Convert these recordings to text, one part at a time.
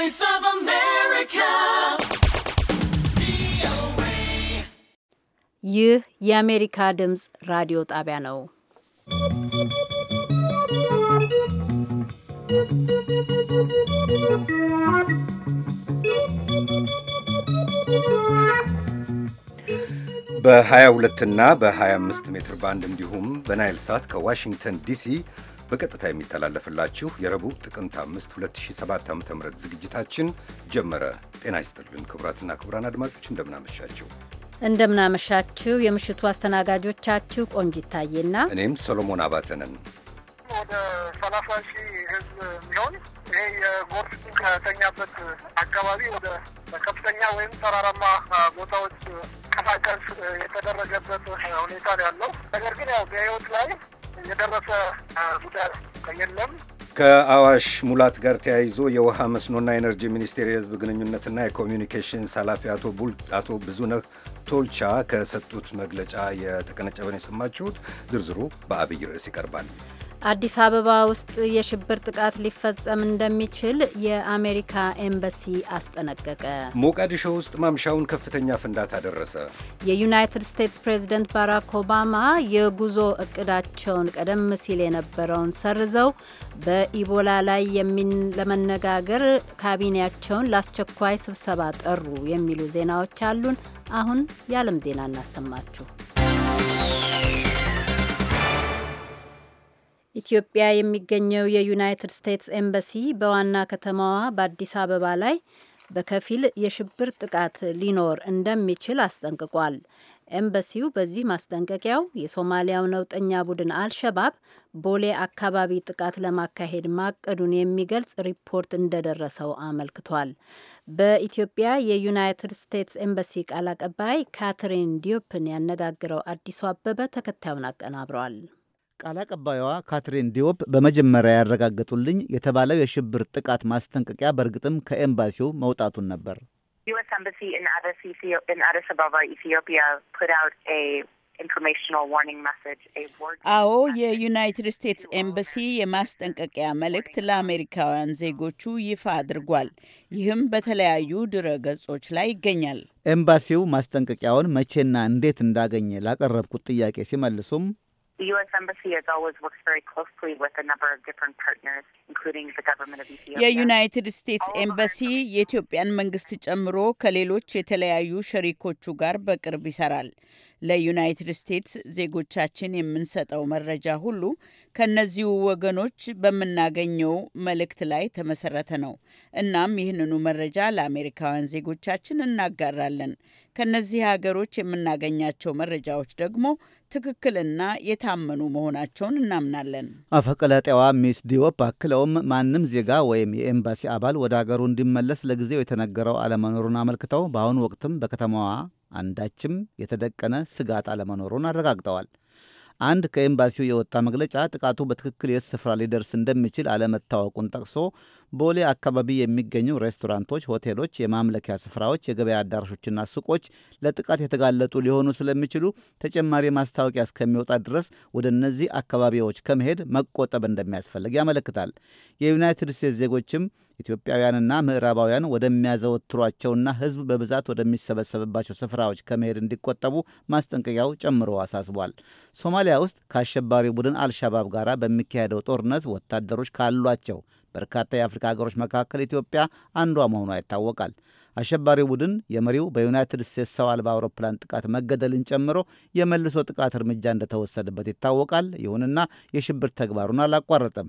Voice of America. ይህ የአሜሪካ ድምፅ ራዲዮ ጣቢያ ነው። በ22 እና በ25 ሜትር ባንድ እንዲሁም በናይል ሳት ከዋሽንግተን ዲሲ በቀጥታ የሚተላለፍላችሁ የረቡዕ ጥቅምት 5 2007 ዓ ም ዝግጅታችን ጀመረ። ጤና ይስጥልን ክቡራትና ክቡራን አድማጮች እንደምናመሻችሁ እንደምናመሻችሁ። የምሽቱ አስተናጋጆቻችሁ ቆንጅ ይታየና እኔም ሰሎሞን አባተ ወደ ሰላሳ ሺህ ህዝብ የሚሆን ይሄ የጎርፍ ከተኛበት አካባቢ ወደ ከፍተኛ ወይም ተራራማ ቦታዎች ቀሳቀስ የተደረገበት ሁኔታ ነው ያለው። ነገር ግን ያው በህይወት ላይ የደረሰ ጉዳት የለም። ከአዋሽ ሙላት ጋር ተያይዞ የውሃ መስኖና ኤነርጂ ሚኒስቴር የህዝብ ግንኙነትና የኮሚኒኬሽንስ ኃላፊ አቶ ብዙነህ ቶልቻ ከሰጡት መግለጫ የተቀነጨበን የሰማችሁት። ዝርዝሩ በአብይ ርዕስ ይቀርባል። አዲስ አበባ ውስጥ የሽብር ጥቃት ሊፈጸም እንደሚችል የአሜሪካ ኤምባሲ አስጠነቀቀ። ሞቃዲሾ ውስጥ ማምሻውን ከፍተኛ ፍንዳታ ደረሰ። የዩናይትድ ስቴትስ ፕሬዝደንት ባራክ ኦባማ የጉዞ እቅዳቸውን ቀደም ሲል የነበረውን ሰርዘው በኢቦላ ላይ ለመነጋገር ካቢኔያቸውን ለአስቸኳይ ስብሰባ ጠሩ የሚሉ ዜናዎች አሉን። አሁን የዓለም ዜና እናሰማችሁ። ኢትዮጵያ የሚገኘው የዩናይትድ ስቴትስ ኤምባሲ በዋና ከተማዋ በአዲስ አበባ ላይ በከፊል የሽብር ጥቃት ሊኖር እንደሚችል አስጠንቅቋል። ኤምባሲው በዚህ ማስጠንቀቂያው የሶማሊያው ነውጠኛ ቡድን አልሸባብ ቦሌ አካባቢ ጥቃት ለማካሄድ ማቀዱን የሚገልጽ ሪፖርት እንደደረሰው አመልክቷል። በኢትዮጵያ የዩናይትድ ስቴትስ ኤምባሲ ቃል አቀባይ ካትሪን ዲዮፕን ያነጋግረው አዲሱ አበበ ተከታዩን አቀናብረዋል። ቃል አቀባዩዋ ካትሪን ዲዮፕ በመጀመሪያ ያረጋገጡልኝ የተባለው የሽብር ጥቃት ማስጠንቀቂያ በእርግጥም ከኤምባሲው መውጣቱን ነበር። አዎ፣ የዩናይትድ ስቴትስ ኤምባሲ የማስጠንቀቂያ መልእክት ለአሜሪካውያን ዜጎቹ ይፋ አድርጓል። ይህም በተለያዩ ድረ ገጾች ላይ ይገኛል። ኤምባሲው ማስጠንቀቂያውን መቼና እንዴት እንዳገኘ ላቀረብኩት ጥያቄ ሲመልሱም የዩናይትድ ስቴትስ ኤምባሲ የኢትዮጵያን መንግስት ጨምሮ ከሌሎች የተለያዩ ሸሪኮቹ ጋር በቅርብ ይሰራል። ለዩናይትድ ስቴትስ ዜጎቻችን የምንሰጠው መረጃ ሁሉ ከእነዚሁ ወገኖች በምናገኘው መልእክት ላይ ተመሰረተ ነው። እናም ይህንኑ መረጃ ለአሜሪካውያን ዜጎቻችን እናጋራለን። ከእነዚህ ሀገሮች የምናገኛቸው መረጃዎች ደግሞ ትክክልና የታመኑ መሆናቸውን እናምናለን። አፈቀላጤዋ ሚስ ዲዮፕ አክለውም ማንም ዜጋ ወይም የኤምባሲ አባል ወደ አገሩ እንዲመለስ ለጊዜው የተነገረው አለመኖሩን አመልክተው በአሁኑ ወቅትም በከተማዋ አንዳችም የተደቀነ ስጋት አለመኖሩን አረጋግጠዋል። አንድ ከኤምባሲው የወጣ መግለጫ ጥቃቱ በትክክል የት ስፍራ ሊደርስ እንደሚችል አለመታወቁን ጠቅሶ ቦሌ አካባቢ የሚገኙ ሬስቶራንቶች፣ ሆቴሎች፣ የማምለኪያ ስፍራዎች፣ የገበያ አዳራሾችና ሱቆች ለጥቃት የተጋለጡ ሊሆኑ ስለሚችሉ ተጨማሪ ማስታወቂያ እስከሚወጣ ድረስ ወደ እነዚህ አካባቢዎች ከመሄድ መቆጠብ እንደሚያስፈልግ ያመለክታል። የዩናይትድ ስቴትስ ዜጎችም ኢትዮጵያውያንና ምዕራባውያን ወደሚያዘወትሯቸውና ሕዝብ በብዛት ወደሚሰበሰብባቸው ስፍራዎች ከመሄድ እንዲቆጠቡ ማስጠንቀቂያው ጨምሮ አሳስቧል። ሶማሊያ ውስጥ ከአሸባሪው ቡድን አልሻባብ ጋር በሚካሄደው ጦርነት ወታደሮች ካሏቸው በርካታ የአፍሪካ ሀገሮች መካከል ኢትዮጵያ አንዷ መሆኗ ይታወቃል። አሸባሪው ቡድን የመሪው በዩናይትድ ስቴትስ ሰው አልባ አውሮፕላን ጥቃት መገደልን ጨምሮ የመልሶ ጥቃት እርምጃ እንደተወሰደበት ይታወቃል። ይሁንና የሽብር ተግባሩን አላቋረጠም።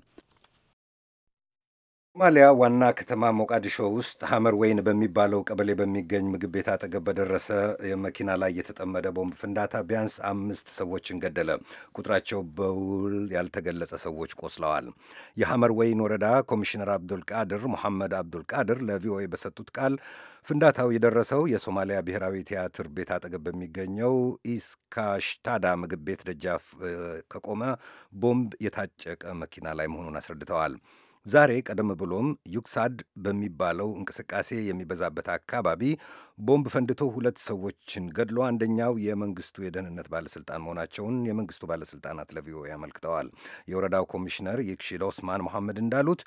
ሶማሊያ ዋና ከተማ ሞቃዲሾ ውስጥ ሐመር ወይን በሚባለው ቀበሌ በሚገኝ ምግብ ቤት አጠገብ በደረሰ መኪና ላይ የተጠመደ ቦምብ ፍንዳታ ቢያንስ አምስት ሰዎችን ገደለ። ቁጥራቸው በውል ያልተገለጸ ሰዎች ቆስለዋል። የሐመር ወይን ወረዳ ኮሚሽነር አብዱልቃድር ሙሐመድ አብዱልቃድር ለቪኦኤ በሰጡት ቃል ፍንዳታው የደረሰው የሶማሊያ ብሔራዊ ቲያትር ቤት አጠገብ በሚገኘው ኢስካሽታዳ ምግብ ቤት ደጃፍ ከቆመ ቦምብ የታጨቀ መኪና ላይ መሆኑን አስረድተዋል። ዛሬ ቀደም ብሎም ዩክሳድ በሚባለው እንቅስቃሴ የሚበዛበት አካባቢ ቦምብ ፈንድቶ ሁለት ሰዎችን ገድሎ አንደኛው የመንግስቱ የደህንነት ባለስልጣን መሆናቸውን የመንግስቱ ባለስልጣናት ለቪኦኤ አመልክተዋል። የወረዳው ኮሚሽነር የክሺል ኦስማን መሐመድ እንዳሉት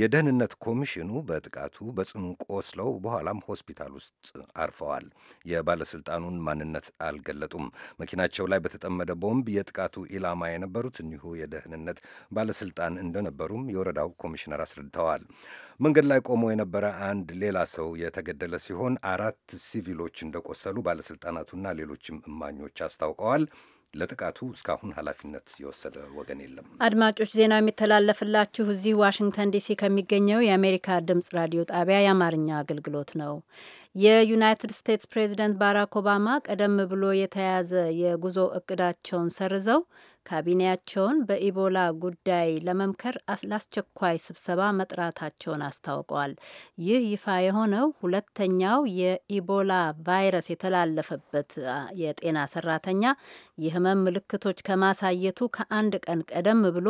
የደህንነት ኮሚሽኑ በጥቃቱ በጽኑ ቆስለው በኋላም ሆስፒታል ውስጥ አርፈዋል። የባለስልጣኑን ማንነት አልገለጡም። መኪናቸው ላይ በተጠመደ ቦምብ የጥቃቱ ኢላማ የነበሩት እኒሁ የደህንነት ባለስልጣን እንደነበሩም የወረዳው ኮሚሽነር አስረድተዋል። መንገድ ላይ ቆሞ የነበረ አንድ ሌላ ሰው የተገደለ ሲሆን አራት ሲቪሎች እንደቆሰሉ ባለስልጣናቱና ሌሎችም እማኞች አስታውቀዋል። ለጥቃቱ እስካሁን ኃላፊነት የወሰደ ወገን የለም። አድማጮች ዜናው የሚተላለፍላችሁ እዚህ ዋሽንግተን ዲሲ ከሚገኘው የአሜሪካ ድምጽ ራዲዮ ጣቢያ የአማርኛ አገልግሎት ነው። የዩናይትድ ስቴትስ ፕሬዚደንት ባራክ ኦባማ ቀደም ብሎ የተያዘ የጉዞ እቅዳቸውን ሰርዘው ካቢኔያቸውን በኢቦላ ጉዳይ ለመምከር ለአስቸኳይ ስብሰባ መጥራታቸውን አስታውቀዋል። ይህ ይፋ የሆነው ሁለተኛው የኢቦላ ቫይረስ የተላለፈበት የጤና ሰራተኛ የህመም ምልክቶች ከማሳየቱ ከአንድ ቀን ቀደም ብሎ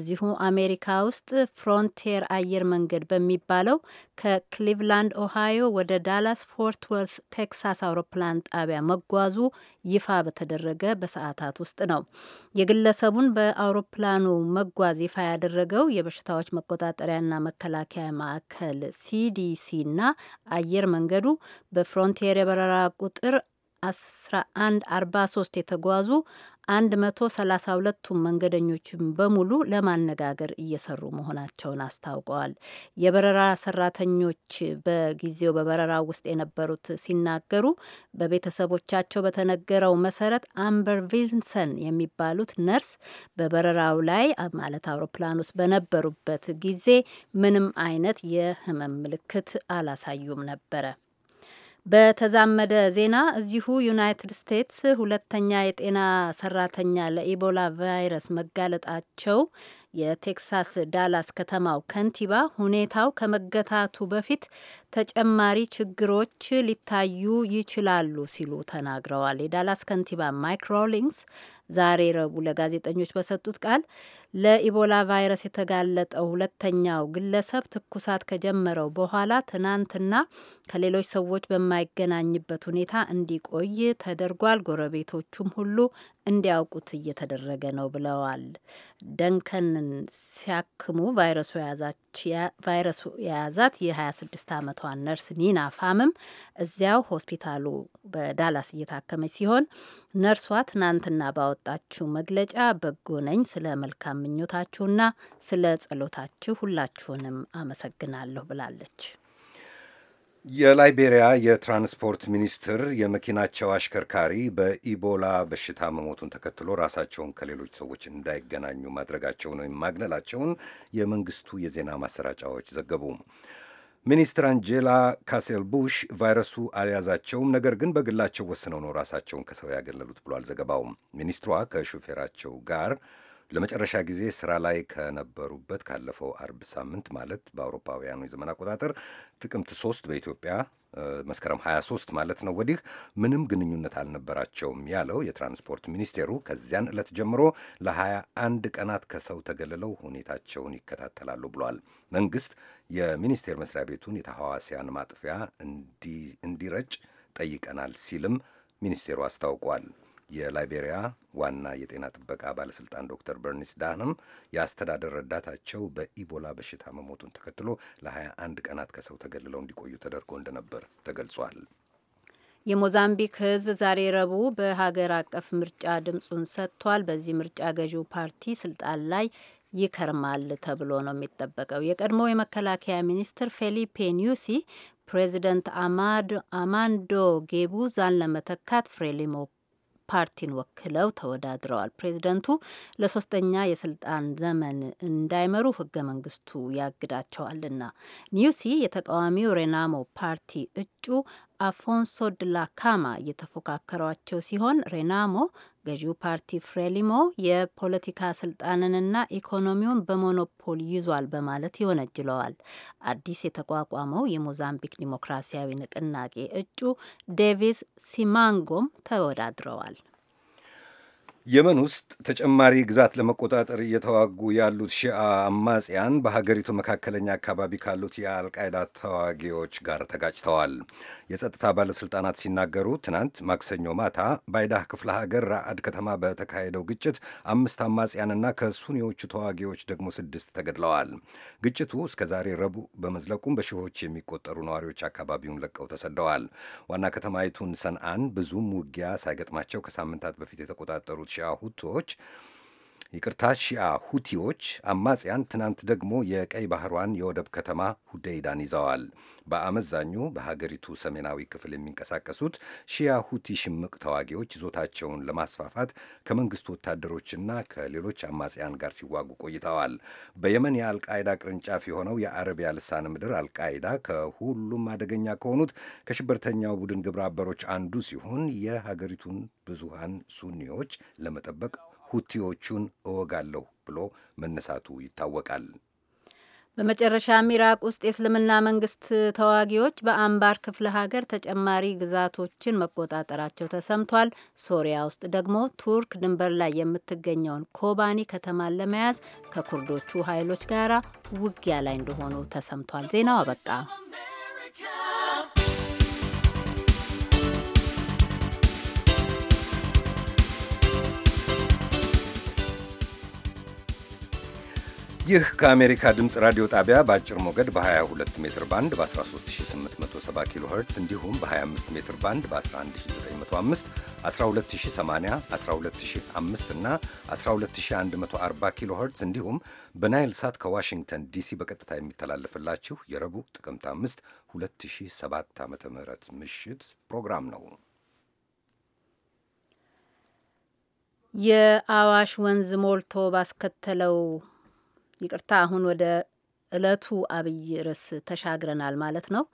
እዚሁ አሜሪካ ውስጥ ፍሮንቲየር አየር መንገድ በሚባለው ከክሊቭላንድ ኦሃዮ ወደ ዳላስ ፎርት ወርት ቴክሳስ አውሮፕላን ጣቢያ መጓዙ ይፋ በተደረገ በሰዓታት ውስጥ ነው። የግለሰቡን በአውሮፕላኑ መጓዝ ይፋ ያደረገው የበሽታዎች መቆጣጠሪያና መከላከያ ማዕከል ሲዲሲና አየር መንገዱ በፍሮንቲየር የበረራ ቁጥር 1143 የተጓዙ 132ቱም መንገደኞችን በሙሉ ለማነጋገር እየሰሩ መሆናቸውን አስታውቀዋል። የበረራ ሰራተኞች በጊዜው በበረራ ውስጥ የነበሩት ሲናገሩ በቤተሰቦቻቸው በተነገረው መሰረት አምበር ቪንሰን የሚባሉት ነርስ በበረራው ላይ ማለት አውሮፕላን ውስጥ በነበሩበት ጊዜ ምንም አይነት የህመም ምልክት አላሳዩም ነበረ። በተዛመደ ዜና እዚሁ ዩናይትድ ስቴትስ ሁለተኛ የጤና ሰራተኛ ለኢቦላ ቫይረስ መጋለጣቸው የቴክሳስ ዳላስ ከተማው ከንቲባ ሁኔታው ከመገታቱ በፊት ተጨማሪ ችግሮች ሊታዩ ይችላሉ ሲሉ ተናግረዋል። የዳላስ ከንቲባ ማይክ ሮሊንግስ ዛሬ ረቡዕ ለጋዜጠኞች በሰጡት ቃል ለኢቦላ ቫይረስ የተጋለጠው ሁለተኛው ግለሰብ ትኩሳት ከጀመረው በኋላ ትናንትና ከሌሎች ሰዎች በማይገናኝበት ሁኔታ እንዲቆይ ተደርጓል። ጎረቤቶቹም ሁሉ እንዲያውቁት እየተደረገ ነው ብለዋል። ደንከንን ሲያክሙ ቫይረሱ የያዛት የ26 ዓመት አባቷ ነርስ ኒና ፋምም እዚያው ሆስፒታሉ በዳላስ እየታከመች ሲሆን ነርሷ ትናንትና ባወጣችው መግለጫ በጎ ነኝ፣ ስለ መልካም ምኞታችሁና ስለ ጸሎታችሁ ሁላችሁንም አመሰግናለሁ ብላለች። የላይቤሪያ የትራንስፖርት ሚኒስትር የመኪናቸው አሽከርካሪ በኢቦላ በሽታ መሞቱን ተከትሎ ራሳቸውን ከሌሎች ሰዎች እንዳይገናኙ ማድረጋቸውን ወይም ማግለላቸውን የመንግስቱ የዜና ማሰራጫዎች ዘገቡ። ሚኒስትር አንጀላ ካሴል ቡሽ ቫይረሱ አልያዛቸውም፣ ነገር ግን በግላቸው ወስነው ነው ራሳቸውን ከሰው ያገለሉት ብሏል ዘገባው ሚኒስትሯ ከሹፌራቸው ጋር ለመጨረሻ ጊዜ ስራ ላይ ከነበሩበት ካለፈው አርብ ሳምንት ማለት በአውሮፓውያኑ የዘመን አቆጣጠር ጥቅምት ሶስት በኢትዮጵያ መስከረም 23 ማለት ነው ወዲህ ምንም ግንኙነት አልነበራቸውም ያለው የትራንስፖርት ሚኒስቴሩ ከዚያን ዕለት ጀምሮ ለ21 ቀናት ከሰው ተገልለው ሁኔታቸውን ይከታተላሉ ብሏል። መንግስት የሚኒስቴር መስሪያ ቤቱን የተሐዋስያን ማጥፊያ እንዲረጭ ጠይቀናል ሲልም ሚኒስቴሩ አስታውቋል። የላይቤሪያ ዋና የጤና ጥበቃ ባለስልጣን ዶክተር በርኒስ ዳህንም የአስተዳደር ረዳታቸው በኢቦላ በሽታ መሞቱን ተከትሎ ለ21 ቀናት ከሰው ተገልለው እንዲቆዩ ተደርጎ እንደነበር ተገልጿል። የሞዛምቢክ ሕዝብ ዛሬ ረቡዕ በሀገር አቀፍ ምርጫ ድምፁን ሰጥቷል። በዚህ ምርጫ ገዢው ፓርቲ ስልጣን ላይ ይከርማል ተብሎ ነው የሚጠበቀው። የቀድሞ የመከላከያ ሚኒስትር ፌሊፔ ኒዩሲ ፕሬዚደንት አማንዶ ጌቡዛን ለመተካት ፍሬሊሞ ፓርቲን ወክለው ተወዳድረዋል። ፕሬዚደንቱ ለሶስተኛ የስልጣን ዘመን እንዳይመሩ ህገ መንግስቱ ያግዳቸዋልና። ኒውሲ የተቃዋሚው ሬናሞ ፓርቲ እጩ አፎንሶ ድላካማ እየተፎካከሯቸው ሲሆን ሬናሞ ገዢው ፓርቲ ፍሬሊሞ የፖለቲካ ስልጣንንና ኢኮኖሚውን በሞኖፖል ይዟል በማለት ይወነጅለዋል። አዲስ የተቋቋመው የሞዛምቢክ ዲሞክራሲያዊ ንቅናቄ እጩ ዴቪስ ሲማንጎም ተወዳድረዋል። የመን ውስጥ ተጨማሪ ግዛት ለመቆጣጠር እየተዋጉ ያሉት ሺአ አማጽያን በሀገሪቱ መካከለኛ አካባቢ ካሉት የአልቃይዳ ተዋጊዎች ጋር ተጋጭተዋል። የጸጥታ ባለሥልጣናት ሲናገሩ ትናንት ማክሰኞ ማታ ባይዳህ ክፍለ ሀገር ራአድ ከተማ በተካሄደው ግጭት አምስት አማጽያንና ከሱኒዎቹ ተዋጊዎች ደግሞ ስድስት ተገድለዋል። ግጭቱ እስከ ዛሬ ረቡዕ በመዝለቁም በሺዎች የሚቆጠሩ ነዋሪዎች አካባቢውን ለቀው ተሰደዋል። ዋና ከተማይቱን ሰንአን ብዙም ውጊያ ሳይገጥማቸው ከሳምንታት በፊት የተቆጣጠሩት ሁቶች ይቅርታ ሺአ ሁቲዎች አማጽያን ትናንት ደግሞ የቀይ ባህሯን የወደብ ከተማ ሁደይዳን ይዘዋል። በአመዛኙ በሀገሪቱ ሰሜናዊ ክፍል የሚንቀሳቀሱት ሺያ ሁቲ ሽምቅ ተዋጊዎች ይዞታቸውን ለማስፋፋት ከመንግስቱ ወታደሮችና ከሌሎች አማጽያን ጋር ሲዋጉ ቆይተዋል። በየመን የአልቃይዳ ቅርንጫፍ የሆነው የአረቢያ ልሳነ ምድር አልቃይዳ ከሁሉም አደገኛ ከሆኑት ከሽብርተኛው ቡድን ግብረ አበሮች አንዱ ሲሆን የሀገሪቱን ብዙሃን ሱኒዎች ለመጠበቅ ሁቲዎቹን እወጋለሁ ብሎ መነሳቱ ይታወቃል። በመጨረሻም ኢራቅ ውስጥ የእስልምና መንግስት ተዋጊዎች በአንባር ክፍለ ሀገር ተጨማሪ ግዛቶችን መቆጣጠራቸው ተሰምቷል። ሶሪያ ውስጥ ደግሞ ቱርክ ድንበር ላይ የምትገኘውን ኮባኒ ከተማን ለመያዝ ከኩርዶቹ ኃይሎች ጋር ውጊያ ላይ እንደሆኑ ተሰምቷል። ዜናው አበቃ። ይህ ከአሜሪካ ድምፅ ራዲዮ ጣቢያ በአጭር ሞገድ በ22 ሜትር ባንድ በ13870 ኪሎ ኸርትዝ እንዲሁም በ25 ሜትር ባንድ በ11905፣ 12080፣ 12005 እና 12140 ኪሎ ኸርትዝ እንዲሁም በናይል ሳት ከዋሽንግተን ዲሲ በቀጥታ የሚተላለፍላችሁ የረቡዕ ጥቅምት 5 2007 ዓ ም ምሽት ፕሮግራም ነው። የአዋሽ ወንዝ ሞልቶ ባስከተለው ይቅርታ፣ አሁን ወደ እለቱ አብይ ርዕስ ተሻግረናል ማለት ነው።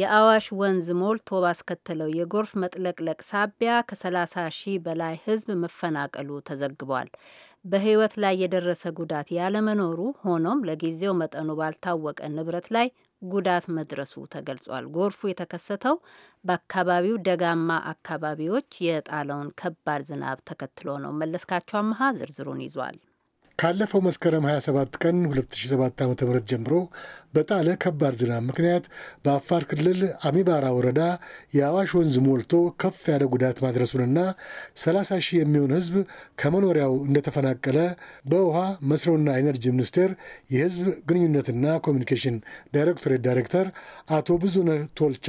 የአዋሽ ወንዝ ሞልቶ ባስከተለው የጎርፍ መጥለቅለቅ ሳቢያ ከ30 ሺህ በላይ ሕዝብ መፈናቀሉ ተዘግቧል። በሕይወት ላይ የደረሰ ጉዳት ያለመኖሩ፣ ሆኖም ለጊዜው መጠኑ ባልታወቀ ንብረት ላይ ጉዳት መድረሱ ተገልጿል። ጎርፉ የተከሰተው በአካባቢው ደጋማ አካባቢዎች የጣለውን ከባድ ዝናብ ተከትሎ ነው። መለስካቸው አመሀ ዝርዝሩን ይዟል። ካለፈው መስከረም 27 ቀን 2007 ዓ ም ጀምሮ በጣለ ከባድ ዝናብ ምክንያት በአፋር ክልል አሚባራ ወረዳ የአዋሽ ወንዝ ሞልቶ ከፍ ያለ ጉዳት ማድረሱንና 30 ሺህ የሚሆን ህዝብ ከመኖሪያው እንደተፈናቀለ በውሃ መስኖና ኤነርጂ ሚኒስቴር የህዝብ ግንኙነትና ኮሚኒኬሽን ዳይሬክቶሬት ዳይሬክተር አቶ ብዙነህ ቶልቻ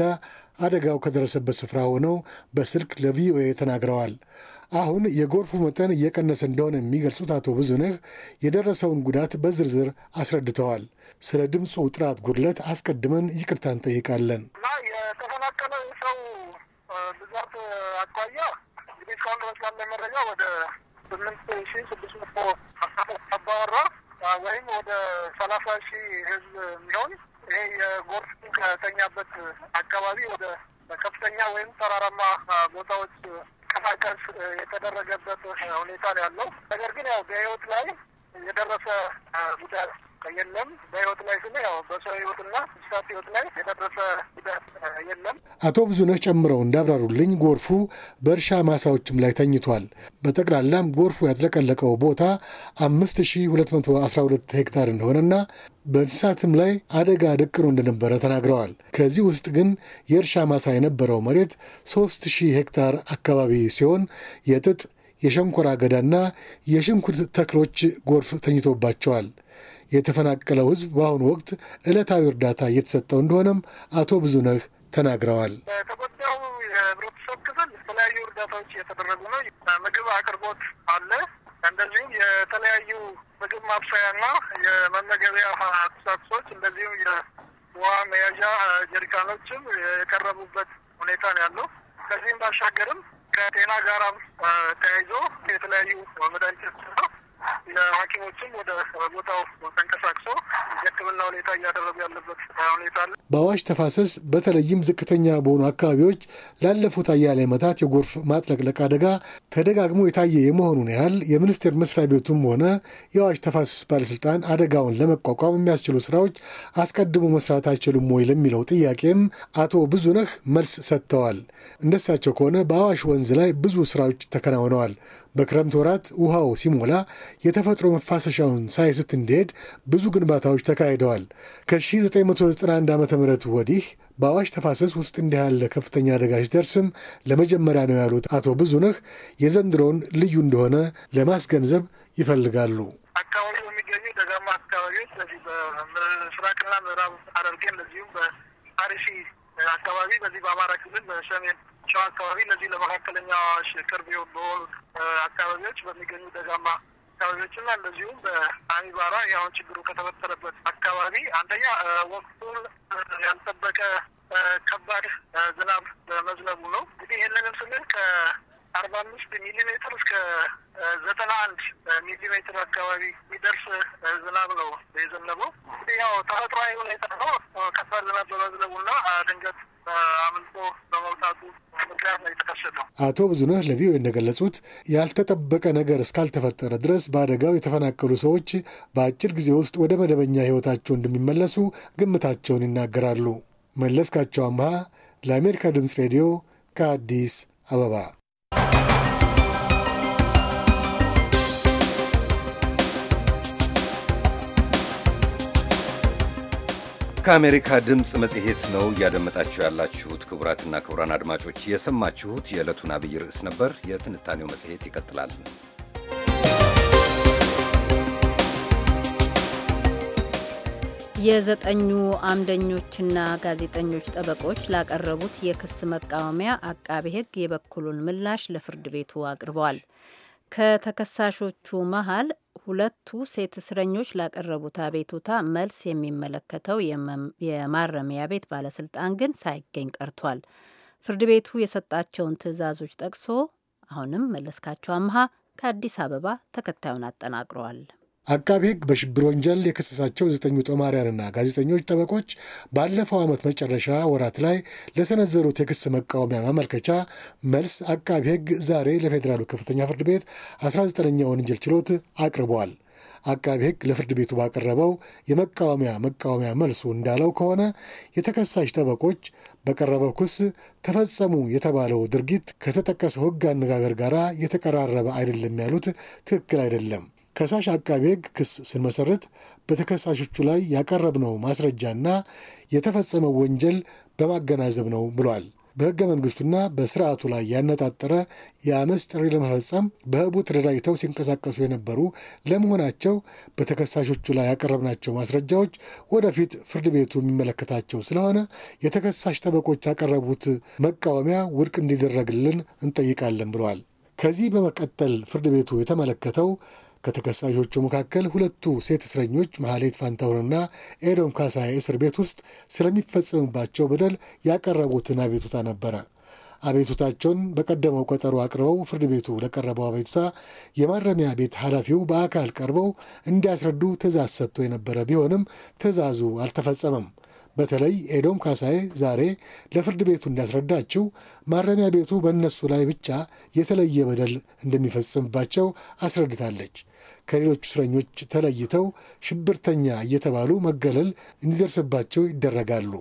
አደጋው ከደረሰበት ስፍራ ሆነው በስልክ ለቪኦኤ ተናግረዋል። አሁን የጎርፉ መጠን እየቀነሰ እንደሆነ የሚገልጹት አቶ ብዙነህ የደረሰውን ጉዳት በዝርዝር አስረድተዋል። ስለ ድምፁ ጥራት ጉድለት አስቀድመን ይቅርታ እንጠይቃለን እና የተፈናቀለ ሰው ብዛት አኳያ እንግዲህ እስካሁን ድረስ ባለ መረጃ ወደ ስምንት ሺ ስድስት መቶ አባወራ ወይም ወደ ሰላሳ ሺህ ህዝብ የሚሆን ይሄ የጎርፍ ከተኛበት አካባቢ ወደ ከፍተኛ ወይም ተራራማ ቦታዎች እንዲንቀሳቀስ የተደረገበት ሁኔታ ነው ያለው። ነገር ግን ያው በህይወት ላይ የደረሰ ጉዳት የለም። በህይወት ላይ ስለ ያው በሰው ህይወትና እንስሳት ህይወት ላይ የደረሰ ጉዳት የለም። አቶ ብዙነህ ጨምረው እንዳብራሩልኝ ጎርፉ በእርሻ ማሳዎችም ላይ ተኝቷል። በጠቅላላም ጎርፉ ያጥለቀለቀው ቦታ አምስት ሺ ሁለት መቶ አስራ ሁለት ሄክታር እንደሆነና በእንስሳትም ላይ አደጋ ደቅኖ እንደነበረ ተናግረዋል። ከዚህ ውስጥ ግን የእርሻ ማሳ የነበረው መሬት ሶስት ሺህ ሄክታር አካባቢ ሲሆን የጥጥ የሸንኮራ አገዳና የሽንኩርት ተክሎች ጎርፍ ተኝቶባቸዋል። የተፈናቀለው ህዝብ በአሁኑ ወቅት ዕለታዊ እርዳታ እየተሰጠው እንደሆነም አቶ ብዙነህ ተናግረዋል። ተጎዳው የህብረተሰብ ክፍል የተለያዩ እርዳታዎች እየተደረጉ ነው። ምግብ አቅርቦት አለ። እንደዚሁም የተለያዩ ምግብ ማብሰያና የመመገቢያ ቁሳቁሶች እንደዚሁም የውሃ መያዣ ጀሪካኖችም የቀረቡበት ሁኔታ ነው ያለው። ከዚህም ባሻገርም ከጤና ጋራም ተያይዞ የተለያዩ መድኃኒቶች ነው ለሐኪሞችም ወደ ቦታው ተንቀሳቅሶ የሕክምና ሁኔታ እያደረጉ ያለበት ሁኔታ አለ። በአዋሽ ተፋሰስ በተለይም ዝቅተኛ በሆኑ አካባቢዎች ላለፉት አያሌ ዓመታት የጎርፍ ማጥለቅለቅ አደጋ ተደጋግሞ የታየ የመሆኑን ያህል የሚኒስቴር መስሪያ ቤቱም ሆነ የአዋሽ ተፋሰስ ባለስልጣን አደጋውን ለመቋቋም የሚያስችሉ ስራዎች አስቀድሞ መስራት አይችሉም ወይ ለሚለው ጥያቄም አቶ ብዙነህ መልስ ሰጥተዋል። እንደሳቸው ከሆነ በአዋሽ ወንዝ ላይ ብዙ ስራዎች ተከናውነዋል። በክረምት ወራት ውሃው ሲሞላ የተፈጥሮ መፋሰሻውን ሳይስት እንዲሄድ ብዙ ግንባታዎች ተካሂደዋል። ከ1991 ዓ ም ወዲህ በአዋሽ ተፋሰስ ውስጥ እንዲህ ያለ ከፍተኛ አደጋ ሲደርስም ለመጀመሪያ ነው ያሉት አቶ ብዙነህ የዘንድሮውን ልዩ እንደሆነ ለማስገንዘብ ይፈልጋሉ። አካባቢው የሚገኙ ደጋማ አካባቢዎች በዚህ በምስራቅና ምዕራብ ሐረርጌ እንደዚሁም በአርሲ አካባቢ በዚህ በአማራ ክልል በሰሜን ሸዋ አካባቢ እነዚህ ለመካከለኛ ቅርብ በሆኑ አካባቢዎች በሚገኙ ደጋማ አካባቢዎች እና እንደዚሁም በአሚባራ የአሁን ችግሩ ከተፈጠረበት አካባቢ አንደኛ ወቅቱን ያልጠበቀ ከባድ ዝናብ በመዝነቡ ነው። እንግዲህ ይህንንም ስንል ከአርባ አምስት ሚሊሜትር እስከ ዘጠና አንድ ሚሊሜትር አካባቢ የሚደርስ ዝናብ ነው የዘነበው። እንግዲህ ያው ተፈጥሯዊ ሁኔታ ነው። ከባድ ዝናብ በመዝነቡ እና ድንገት በአምልኮ በመውጣቱ አቶ ብዙነህ ለቪኦኤ እንደገለጹት ያልተጠበቀ ነገር እስካልተፈጠረ ድረስ በአደጋው የተፈናቀሉ ሰዎች በአጭር ጊዜ ውስጥ ወደ መደበኛ ህይወታቸው እንደሚመለሱ ግምታቸውን ይናገራሉ። መለስካቸው አምሃ ለአሜሪካ ድምፅ ሬዲዮ ከአዲስ አበባ ከአሜሪካ ድምፅ መጽሔት ነው እያደመጣችሁ ያላችሁት። ክቡራትና ክቡራን አድማጮች የሰማችሁት የዕለቱን አብይ ርዕስ ነበር። የትንታኔው መጽሔት ይቀጥላል። የዘጠኙ አምደኞችና ጋዜጠኞች ጠበቆች ላቀረቡት የክስ መቃወሚያ አቃቤ ሕግ የበኩሉን ምላሽ ለፍርድ ቤቱ አቅርበዋል። ከተከሳሾቹ መሀል ሁለቱ ሴት እስረኞች ላቀረቡት አቤቱታ መልስ የሚመለከተው የማረሚያ ቤት ባለስልጣን ግን ሳይገኝ ቀርቷል። ፍርድ ቤቱ የሰጣቸውን ትዕዛዞች ጠቅሶ አሁንም መለስካቸው አምሃ ከአዲስ አበባ ተከታዩን አጠናቅረዋል። አቃቢ ሕግ በሽብር ወንጀል የከሰሳቸው ዘጠኙ ጦማሪያንና ጋዜጠኞች ጠበቆች ባለፈው ዓመት መጨረሻ ወራት ላይ ለሰነዘሩት የክስ መቃወሚያ ማመልከቻ መልስ አቃቢ ሕግ ዛሬ ለፌዴራሉ ከፍተኛ ፍርድ ቤት 19ኛ ወንጀል ችሎት አቅርበዋል። አቃቢ ሕግ ለፍርድ ቤቱ ባቀረበው የመቃወሚያ መቃወሚያ መልሱ እንዳለው ከሆነ የተከሳሽ ጠበቆች በቀረበው ክስ ተፈጸሙ የተባለው ድርጊት ከተጠቀሰው ሕግ አነጋገር ጋር የተቀራረበ አይደለም ያሉት ትክክል አይደለም። ከሳሽ አቃቤ ሕግ ክስ ስንመሰርት በተከሳሾቹ ላይ ያቀረብነው ማስረጃና የተፈጸመው ወንጀል በማገናዘብ ነው ብሏል። በሕገ መንግሥቱና በስርዓቱ ላይ ያነጣጠረ የአመፅ ጥሪ ለመፈጸም በህቡ ተደራጅተው ሲንቀሳቀሱ የነበሩ ለመሆናቸው በተከሳሾቹ ላይ ያቀረብናቸው ማስረጃዎች ወደፊት ፍርድ ቤቱ የሚመለከታቸው ስለሆነ የተከሳሽ ጠበቆች ያቀረቡት መቃወሚያ ውድቅ እንዲደረግልን እንጠይቃለን ብለዋል። ከዚህ በመቀጠል ፍርድ ቤቱ የተመለከተው ከተከሳሾቹ መካከል ሁለቱ ሴት እስረኞች መሐሌት ፋንታሁንና ኤዶም ካሳይ እስር ቤት ውስጥ ስለሚፈጸምባቸው በደል ያቀረቡትን አቤቱታ ነበረ። አቤቱታቸውን በቀደመው ቀጠሮ አቅርበው ፍርድ ቤቱ ለቀረበው አቤቱታ የማረሚያ ቤት ኃላፊው በአካል ቀርበው እንዲያስረዱ ትዕዛዝ ሰጥቶ የነበረ ቢሆንም ትዕዛዙ አልተፈጸመም። በተለይ ኤዶም ካሳይ ዛሬ ለፍርድ ቤቱ እንዲያስረዳችው ማረሚያ ቤቱ በእነሱ ላይ ብቻ የተለየ በደል እንደሚፈጽምባቸው አስረድታለች። ከሌሎች እስረኞች ተለይተው ሽብርተኛ እየተባሉ መገለል እንዲደርስባቸው ይደረጋሉ።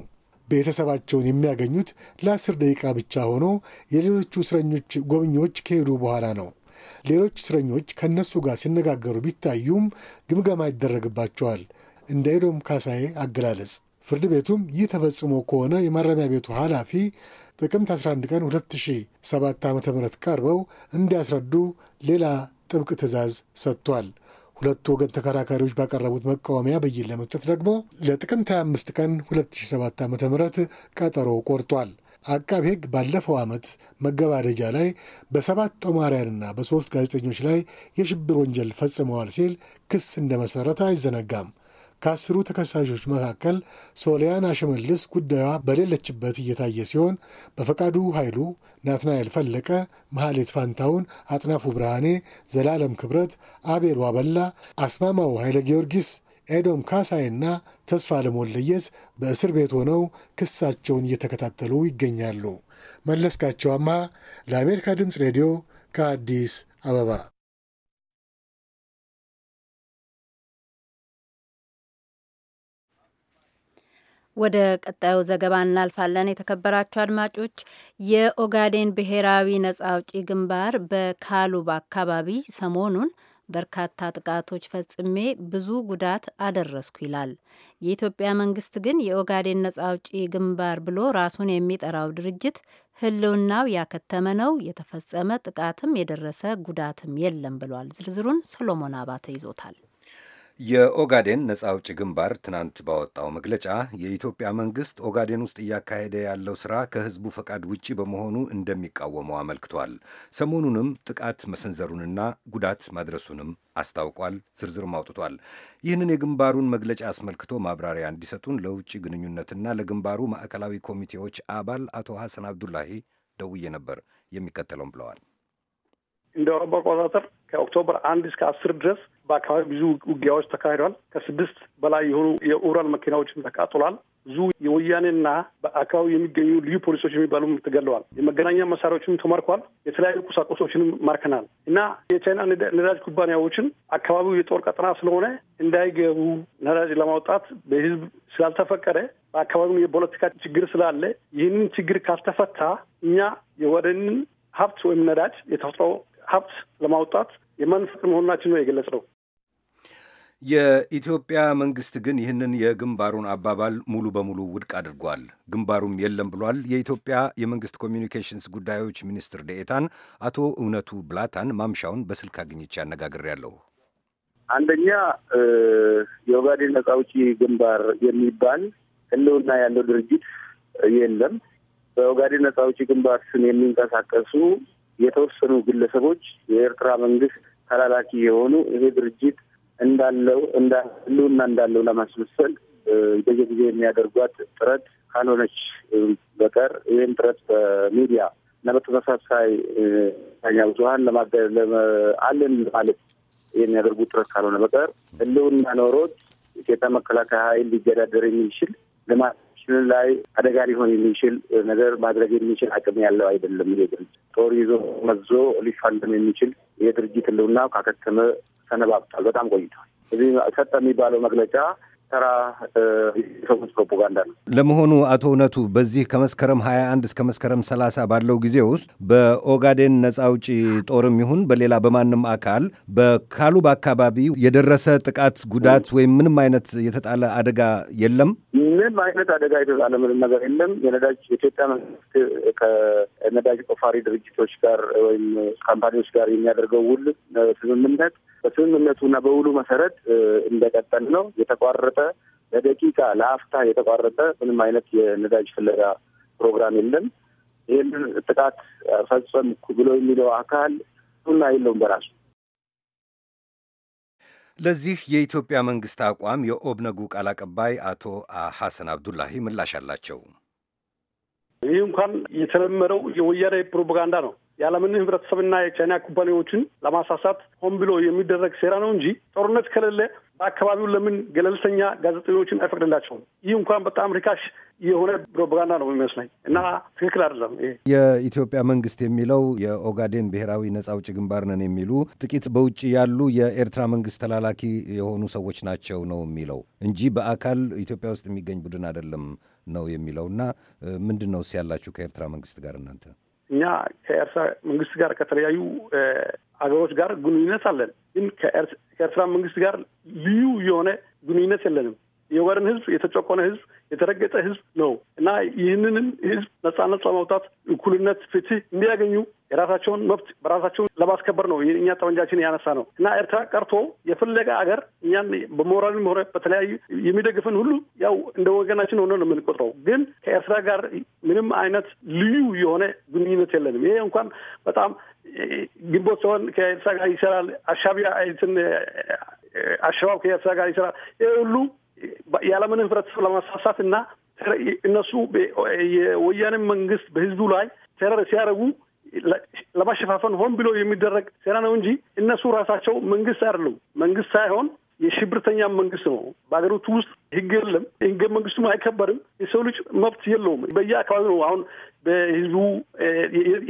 ቤተሰባቸውን የሚያገኙት ለአስር ደቂቃ ብቻ ሆኖ የሌሎቹ እስረኞች ጎብኚዎች ከሄዱ በኋላ ነው። ሌሎች እስረኞች ከእነሱ ጋር ሲነጋገሩ ቢታዩም ግምገማ ይደረግባቸዋል። እንደ ኤዶም ካሳዬ አገላለጽ ፍርድ ቤቱም ይህ ተፈጽሞ ከሆነ የማረሚያ ቤቱ ኃላፊ ጥቅምት 11 ቀን 2007 ዓ ም ቀርበው እንዲያስረዱ ሌላ ጥብቅ ትዕዛዝ ሰጥቷል። ሁለቱ ወገን ተከራካሪዎች ባቀረቡት መቃወሚያ ብይን ለመስጠት ደግሞ ለጥቅምት 25 ቀን 2007 ዓ ም ቀጠሮ ቆርጧል። አቃቤ ሕግ ባለፈው ዓመት መገባደጃ ላይ በሰባት ጦማሪያንና በሦስት ጋዜጠኞች ላይ የሽብር ወንጀል ፈጽመዋል ሲል ክስ እንደመሠረተ አይዘነጋም። ከአስሩ ተከሳሾች መካከል ሶሊያና ሽመልስ ጉዳዩዋ በሌለችበት እየታየ ሲሆን በፈቃዱ ኃይሉ፣ ናትናኤል ፈለቀ፣ መሐሌት ፋንታውን፣ አጥናፉ ብርሃኔ፣ ዘላለም ክብረት፣ አቤል ዋበላ፣ አስማማው ኃይለ ጊዮርጊስ ኤዶም ካሳይና ተስፋ ለሞለየስ በእስር ቤት ሆነው ክሳቸውን እየተከታተሉ ይገኛሉ። መለስካቸው አምሃ ለአሜሪካ ድምፅ ሬዲዮ ከአዲስ አበባ ወደ ቀጣዩ ዘገባ እናልፋለን። የተከበራችሁ አድማጮች፣ የኦጋዴን ብሔራዊ ነጻ አውጪ ግንባር በካሉብ አካባቢ ሰሞኑን በርካታ ጥቃቶች ፈጽሜ ብዙ ጉዳት አደረስኩ ይላል። የኢትዮጵያ መንግስት ግን የኦጋዴን ነጻ አውጪ ግንባር ብሎ ራሱን የሚጠራው ድርጅት ህልውናው ያከተመ ነው፣ የተፈጸመ ጥቃትም የደረሰ ጉዳትም የለም ብሏል። ዝርዝሩን ሰሎሞን አባተ ይዞታል። የኦጋዴን ነጻ አውጪ ግንባር ትናንት ባወጣው መግለጫ የኢትዮጵያ መንግስት ኦጋዴን ውስጥ እያካሄደ ያለው ስራ ከህዝቡ ፈቃድ ውጪ በመሆኑ እንደሚቃወመው አመልክቷል። ሰሞኑንም ጥቃት መሰንዘሩንና ጉዳት ማድረሱንም አስታውቋል። ዝርዝርም አውጥቷል። ይህንን የግንባሩን መግለጫ አስመልክቶ ማብራሪያ እንዲሰጡን ለውጭ ግንኙነትና ለግንባሩ ማዕከላዊ ኮሚቴዎች አባል አቶ ሐሰን አብዱላሂ ደውዬ ነበር። የሚከተለውም ብለዋል። እንደ አውሮፓ አቆጣጠር ከኦክቶበር አንድ እስከ አስር ድረስ በአካባቢ ብዙ ውጊያዎች ተካሂዷል። ከስድስት በላይ የሆኑ የኡራል መኪናዎችን ተቃጥሏል። ብዙ የወያኔና በአካባቢ የሚገኙ ልዩ ፖሊሶች የሚባሉም ተገለዋል። የመገናኛ መሳሪያዎችንም ተማርኳል። የተለያዩ ቁሳቁሶችንም ማርከናል እና የቻይና ነዳጅ ኩባንያዎችን አካባቢው የጦር ቀጠና ስለሆነ እንዳይገቡ ነዳጅ ለማውጣት በህዝብ ስላልተፈቀደ በአካባቢው የፖለቲካ ችግር ስላለ ይህንን ችግር ካልተፈታ እኛ የወደንን ሀብት ወይም ነዳጅ የተፈጥሮ ሀብት ለማውጣት የማንፈቅድ መሆናችን ነው የገለጽ ነው። የኢትዮጵያ መንግስት ግን ይህንን የግንባሩን አባባል ሙሉ በሙሉ ውድቅ አድርጓል። ግንባሩም የለም ብሏል። የኢትዮጵያ የመንግስት ኮሚኒኬሽንስ ጉዳዮች ሚኒስትር ደኤታን አቶ እውነቱ ብላታን ማምሻውን በስልክ አግኝቼ አነጋግሬያለሁ። አንደኛ የኦጋዴን ነጻ አውጪ ግንባር የሚባል ህልውና ያለው ድርጅት የለም። በኦጋዴን ነጻ አውጪ ግንባር ስም የሚንቀሳቀሱ የተወሰኑ ግለሰቦች የኤርትራ መንግስት ተላላኪ የሆኑ ይሄ ድርጅት እንዳለው ህልውና እንዳለው ለማስመሰል በየጊዜ የሚያደርጓት ጥረት ካልሆነች በቀር ይህን ጥረት በሚዲያ እና በተመሳሳይ ብዙሀን አለን ማለት የሚያደርጉት ጥረት ካልሆነ በቀር ህልውና ኖሮት ኢትዮጵያ መከላከያ ኃይል ሊገዳደር የሚችል ልማችን ላይ አደጋ ሊሆን የሚችል ነገር ማድረግ የሚችል አቅም ያለው አይደለም። ይሄ ድርጅት ጦር ይዞ መዞ ሊፋለም የሚችል የድርጅት ህልውና ካከተመ ተነባብቷል። በጣም ቆይቷል። እዚህ ሰጠ የሚባለው መግለጫ ተራ የሰዎች ፕሮፓጋንዳ ነው። ለመሆኑ አቶ እውነቱ በዚህ ከመስከረም ሀያ አንድ እስከ መስከረም ሰላሳ ባለው ጊዜ ውስጥ በኦጋዴን ነጻ አውጪ ጦርም ይሁን በሌላ በማንም አካል በካሉብ አካባቢ የደረሰ ጥቃት፣ ጉዳት ወይም ምንም አይነት የተጣለ አደጋ የለም። ምንም አይነት አደጋ የተጣለ ምንም ነገር የለም። የነዳጅ የኢትዮጵያ መንግስት ከነዳጅ ቆፋሪ ድርጅቶች ጋር ወይም ካምፓኒዎች ጋር የሚያደርገው ውል ስምምነት በስምምነቱና በውሉ መሰረት እንደቀጠል ነው። የተቋረጠ ለደቂቃ ለአፍታ የተቋረጠ ምንም አይነት የነዳጅ ፍለጋ ፕሮግራም የለም። ይህንን ጥቃት ፈጸምኩ ብሎ የሚለው አካል ሁና የለውም በራሱ ለዚህ የኢትዮጵያ መንግስት አቋም የኦብነጉ ቃል አቀባይ አቶ ሐሰን አብዱላሂ ምላሽ አላቸው። ይህ እንኳን የተለመደው የወያኔ ፕሮፓጋንዳ ነው። የዓለምን ህብረተሰብና የቻይና ኩባንያዎችን ለማሳሳት ሆን ብሎ የሚደረግ ሴራ ነው እንጂ ጦርነት ከሌለ በአካባቢው ለምን ገለልተኛ ጋዜጠኞችን አይፈቅድላቸውም? ይህ እንኳን በጣም ሪካሽ የሆነ ፕሮፓጋንዳ ነው የሚመስለኝ እና ትክክል አይደለም። የኢትዮጵያ መንግስት የሚለው የኦጋዴን ብሔራዊ ነጻ አውጪ ግንባር ነን የሚሉ ጥቂት በውጭ ያሉ የኤርትራ መንግስት ተላላኪ የሆኑ ሰዎች ናቸው ነው የሚለው እንጂ በአካል ኢትዮጵያ ውስጥ የሚገኝ ቡድን አይደለም ነው የሚለው እና ምንድን ነው ያላችሁ ከኤርትራ መንግስት ጋር እናንተ እኛ ከኤርትራ መንግስት ጋር ከተለያዩ አገሮች ጋር ግንኙነት አለን፣ ግን ከኤርትራ መንግስት ጋር ልዩ የሆነ ግንኙነት የለንም። የወረን ህዝብ፣ የተጨቆነ ህዝብ፣ የተረገጠ ህዝብ ነው እና ይህንንም ህዝብ ነጻነት ለማውጣት እኩልነት፣ ፍትህ እንዲያገኙ የራሳቸውን መብት በራሳቸውን ለማስከበር ነው እኛ ጠመንጃችን ያነሳ ነው እና ኤርትራ ቀርቶ የፈለገ አገር እኛን በሞራልም ሆነ በተለያዩ የሚደግፈን ሁሉ ያው እንደ ወገናችን ሆነ ነው የምንቆጥረው። ግን ከኤርትራ ጋር ምንም አይነት ልዩ የሆነ ግንኙነት የለንም። ይሄ እንኳን በጣም ግንቦት ሲሆን ከኤርትራ ጋር ይሰራል፣ አሻቢያ እንትን አሸባብ ከኤርትራ ጋር ይሰራል። ይሄ ሁሉ የዓለምን ህብረተሰብ ለማሳሳት እና እነሱ የወያኔ መንግስት በህዝቡ ላይ ቴረር ሲያደርጉ ለማሸፋፈን ሆን ብሎ የሚደረግ ሴራ ነው እንጂ እነሱ ራሳቸው መንግስት አይደሉም። መንግስት ሳይሆን የሽብርተኛ መንግስት ነው። በሀገሪቱ ውስጥ ህግ የለም፣ ህገ መንግስቱም አይከበርም፣ የሰው ልጅ መብት የለውም። በየአካባቢ ነው አሁን በህዝቡ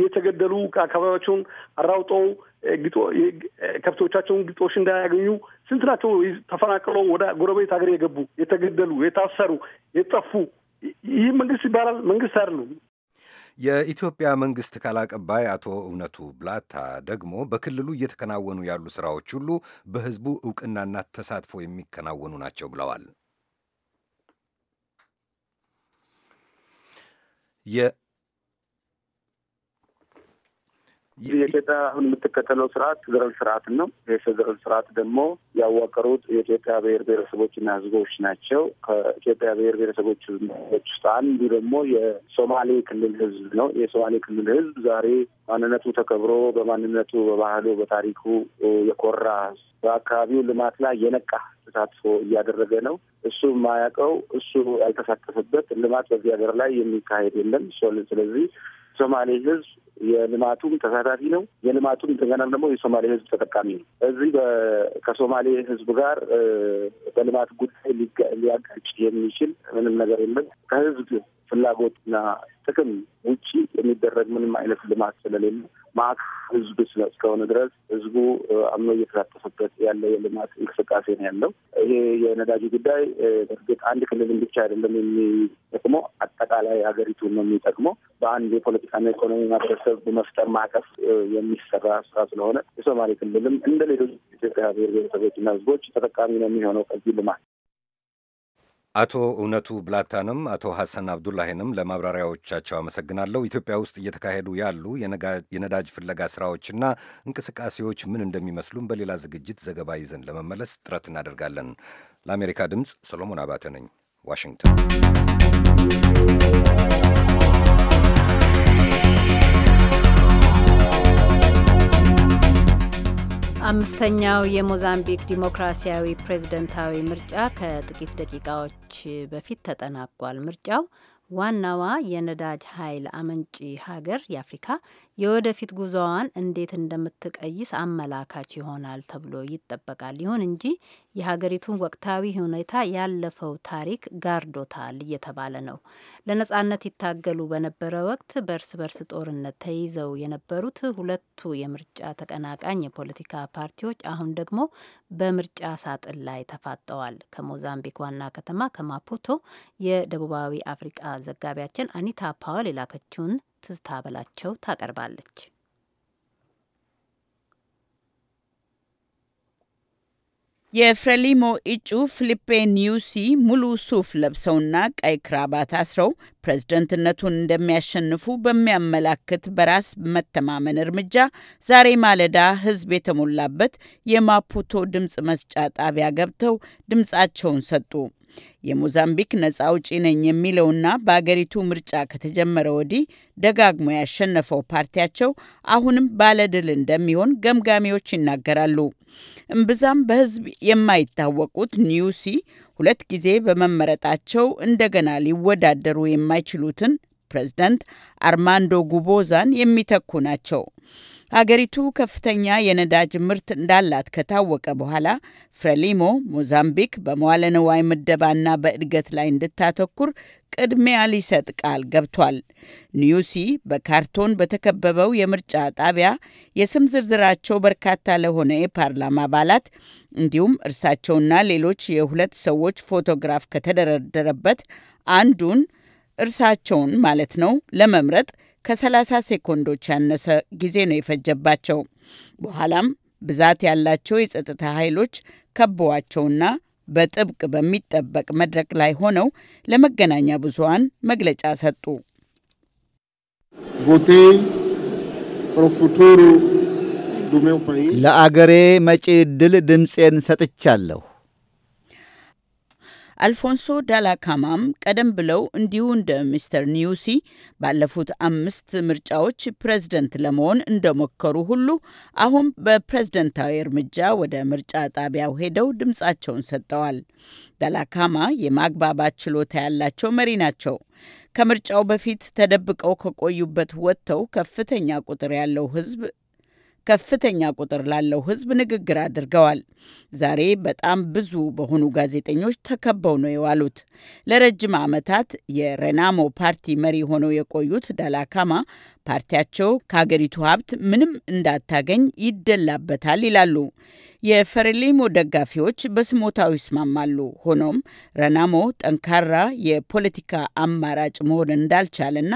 የተገደሉ አካባቢያቸውን አራውጠው ከብቶቻቸውን ግጦሽ እንዳያገኙ ስንት ናቸው ተፈናቅለው ወደ ጎረቤት ሀገር የገቡ የተገደሉ፣ የታሰሩ፣ የጠፉ። ይህ መንግስት ይባላል? መንግስት አይደሉም። የኢትዮጵያ መንግስት ቃል አቀባይ አቶ እውነቱ ብላታ ደግሞ በክልሉ እየተከናወኑ ያሉ ስራዎች ሁሉ በህዝቡ እውቅናና ተሳትፎ የሚከናወኑ ናቸው ብለዋል። የኢትዮጵያ አሁን የምትከተለው ስርዓት ፌዴራል ስርዓት ነው። የፌዴራል ስርዓት ደግሞ ያዋቀሩት የኢትዮጵያ ብሔር ብሔረሰቦችና ህዝቦች ናቸው። ከኢትዮጵያ ብሔር ብሔረሰቦች ሕዝቦች ውስጥ አንዱ ደግሞ የሶማሌ ክልል ህዝብ ነው። የሶማሌ ክልል ህዝብ ዛሬ ማንነቱ ተከብሮ በማንነቱ በባህሉ፣ በታሪኩ የኮራ በአካባቢው ልማት ላይ የነቃ ተሳትፎ እያደረገ ነው። እሱ የማያውቀው እሱ ያልተሳተፈበት ልማት በዚህ ሀገር ላይ የሚካሄድ የለም። ስለዚህ ሶማሌ ህዝብ የልማቱም ተሳታፊ ነው። የልማቱም ተገናም ደግሞ የሶማሌ ህዝብ ተጠቃሚ ነው። እዚህ ከሶማሌ ህዝብ ጋር በልማት ጉዳይ ሊያጋጭ የሚችል ምንም ነገር የለም። ከህዝብ ፍላጎትና ጥቅም ውጪ የሚደረግ ምንም አይነት ልማት ስለሌለ ማዕከል ህዝብ እስከሆነ ድረስ ህዝቡ አምኖ እየተሳተፈበት ያለ የልማት እንቅስቃሴ ነው ያለው። ይሄ የነዳጅ ጉዳይ በእርግጥ አንድ ክልልን ብቻ አይደለም የሚጠቅመው፣ አጠቃላይ ሀገሪቱን ነው የሚጠቅመው። በአንድ የፖለቲካና ኢኮኖሚ ማህበረሰብ በመፍጠር ማዕቀፍ የሚሰራ ስራ ስለሆነ የሶማሌ ክልልም እንደ ሌሎች ኢትዮጵያ ብሔር ብሔረሰቦችና ህዝቦች ተጠቃሚ ነው የሚሆነው ከዚህ ልማት። አቶ እውነቱ ብላታንም አቶ ሐሰን አብዱላሂንም ለማብራሪያዎቻቸው አመሰግናለሁ። ኢትዮጵያ ውስጥ እየተካሄዱ ያሉ የነዳጅ ፍለጋ ስራዎችና እንቅስቃሴዎች ምን እንደሚመስሉም በሌላ ዝግጅት ዘገባ ይዘን ለመመለስ ጥረት እናደርጋለን። ለአሜሪካ ድምፅ ሰሎሞን አባተ ነኝ ዋሽንግተን አምስተኛው የሞዛምቢክ ዲሞክራሲያዊ ፕሬዝደንታዊ ምርጫ ከጥቂት ደቂቃዎች በፊት ተጠናቋል። ምርጫው ዋናዋ የነዳጅ ኃይል አመንጪ ሀገር የአፍሪካ የወደፊት ጉዞዋን እንዴት እንደምትቀይስ አመላካች ይሆናል ተብሎ ይጠበቃል። ይሁን እንጂ የሀገሪቱን ወቅታዊ ሁኔታ ያለፈው ታሪክ ጋርዶታል እየተባለ ነው። ለነጻነት ይታገሉ በነበረ ወቅት በእርስ በርስ ጦርነት ተይዘው የነበሩት ሁለቱ የምርጫ ተቀናቃኝ የፖለቲካ ፓርቲዎች አሁን ደግሞ በምርጫ ሳጥን ላይ ተፋጠዋል። ከሞዛምቢክ ዋና ከተማ ከማፑቶ የደቡባዊ አፍሪቃ ዘጋቢያችን አኒታ ፓወል የላከችውን ትዝታ በላቸው ታቀርባለች። የፍሬሊሞ እጩ ፊሊፔ ኒዩሲ ሙሉ ሱፍ ለብሰውና ቀይ ክራባት አስረው ፕሬዝደንትነቱን እንደሚያሸንፉ በሚያመላክት በራስ መተማመን እርምጃ ዛሬ ማለዳ ሕዝብ የተሞላበት የማፑቶ ድምፅ መስጫ ጣቢያ ገብተው ድምፃቸውን ሰጡ። የሞዛምቢክ ነጻ አውጪ ነኝ የሚለውና በአገሪቱ ምርጫ ከተጀመረ ወዲህ ደጋግሞ ያሸነፈው ፓርቲያቸው አሁንም ባለድል እንደሚሆን ገምጋሚዎች ይናገራሉ። እምብዛም በሕዝብ የማይታወቁት ኒውሲ ሁለት ጊዜ በመመረጣቸው እንደገና ሊወዳደሩ የማይችሉትን ፕሬዝዳንት አርማንዶ ጉቦዛን የሚተኩ ናቸው። ሀገሪቱ ከፍተኛ የነዳጅ ምርት እንዳላት ከታወቀ በኋላ ፍሬሊሞ ሞዛምቢክ በመዋለ ንዋይ ምደባና በእድገት ላይ እንድታተኩር ቅድሚያ ሊሰጥ ቃል ገብቷል። ኒዩሲ በካርቶን በተከበበው የምርጫ ጣቢያ የስም ዝርዝራቸው በርካታ ለሆነ የፓርላማ አባላት እንዲሁም እርሳቸውና ሌሎች የሁለት ሰዎች ፎቶግራፍ ከተደረደረበት አንዱን እርሳቸውን ማለት ነው ለመምረጥ ከ30 ሴኮንዶች ያነሰ ጊዜ ነው የፈጀባቸው። በኋላም ብዛት ያላቸው የጸጥታ ኃይሎች ከበዋቸውና በጥብቅ በሚጠበቅ መድረክ ላይ ሆነው ለመገናኛ ብዙሃን መግለጫ ሰጡ። ለአገሬ መጪ ዕድል ድምፄን ሰጥቻለሁ። አልፎንሶ ዳላካማም ቀደም ብለው እንዲሁ እንደ ሚስተር ኒውሲ ባለፉት አምስት ምርጫዎች ፕሬዝደንት ለመሆን እንደሞከሩ ሁሉ አሁን በፕሬዝደንታዊ እርምጃ ወደ ምርጫ ጣቢያው ሄደው ድምፃቸውን ሰጥተዋል። ዳላካማ የማግባባት ችሎታ ያላቸው መሪ ናቸው። ከምርጫው በፊት ተደብቀው ከቆዩበት ወጥተው ከፍተኛ ቁጥር ያለው ሕዝብ ከፍተኛ ቁጥር ላለው ህዝብ ንግግር አድርገዋል። ዛሬ በጣም ብዙ በሆኑ ጋዜጠኞች ተከበው ነው የዋሉት። ለረጅም ዓመታት የሬናሞ ፓርቲ መሪ ሆነው የቆዩት ዳላካማ ፓርቲያቸው ከሀገሪቱ ሀብት ምንም እንዳታገኝ ይደላበታል ይላሉ። የፈሬሊሞ ደጋፊዎች በስሞታው ይስማማሉ። ሆኖም ረናሞ ጠንካራ የፖለቲካ አማራጭ መሆን እንዳልቻለና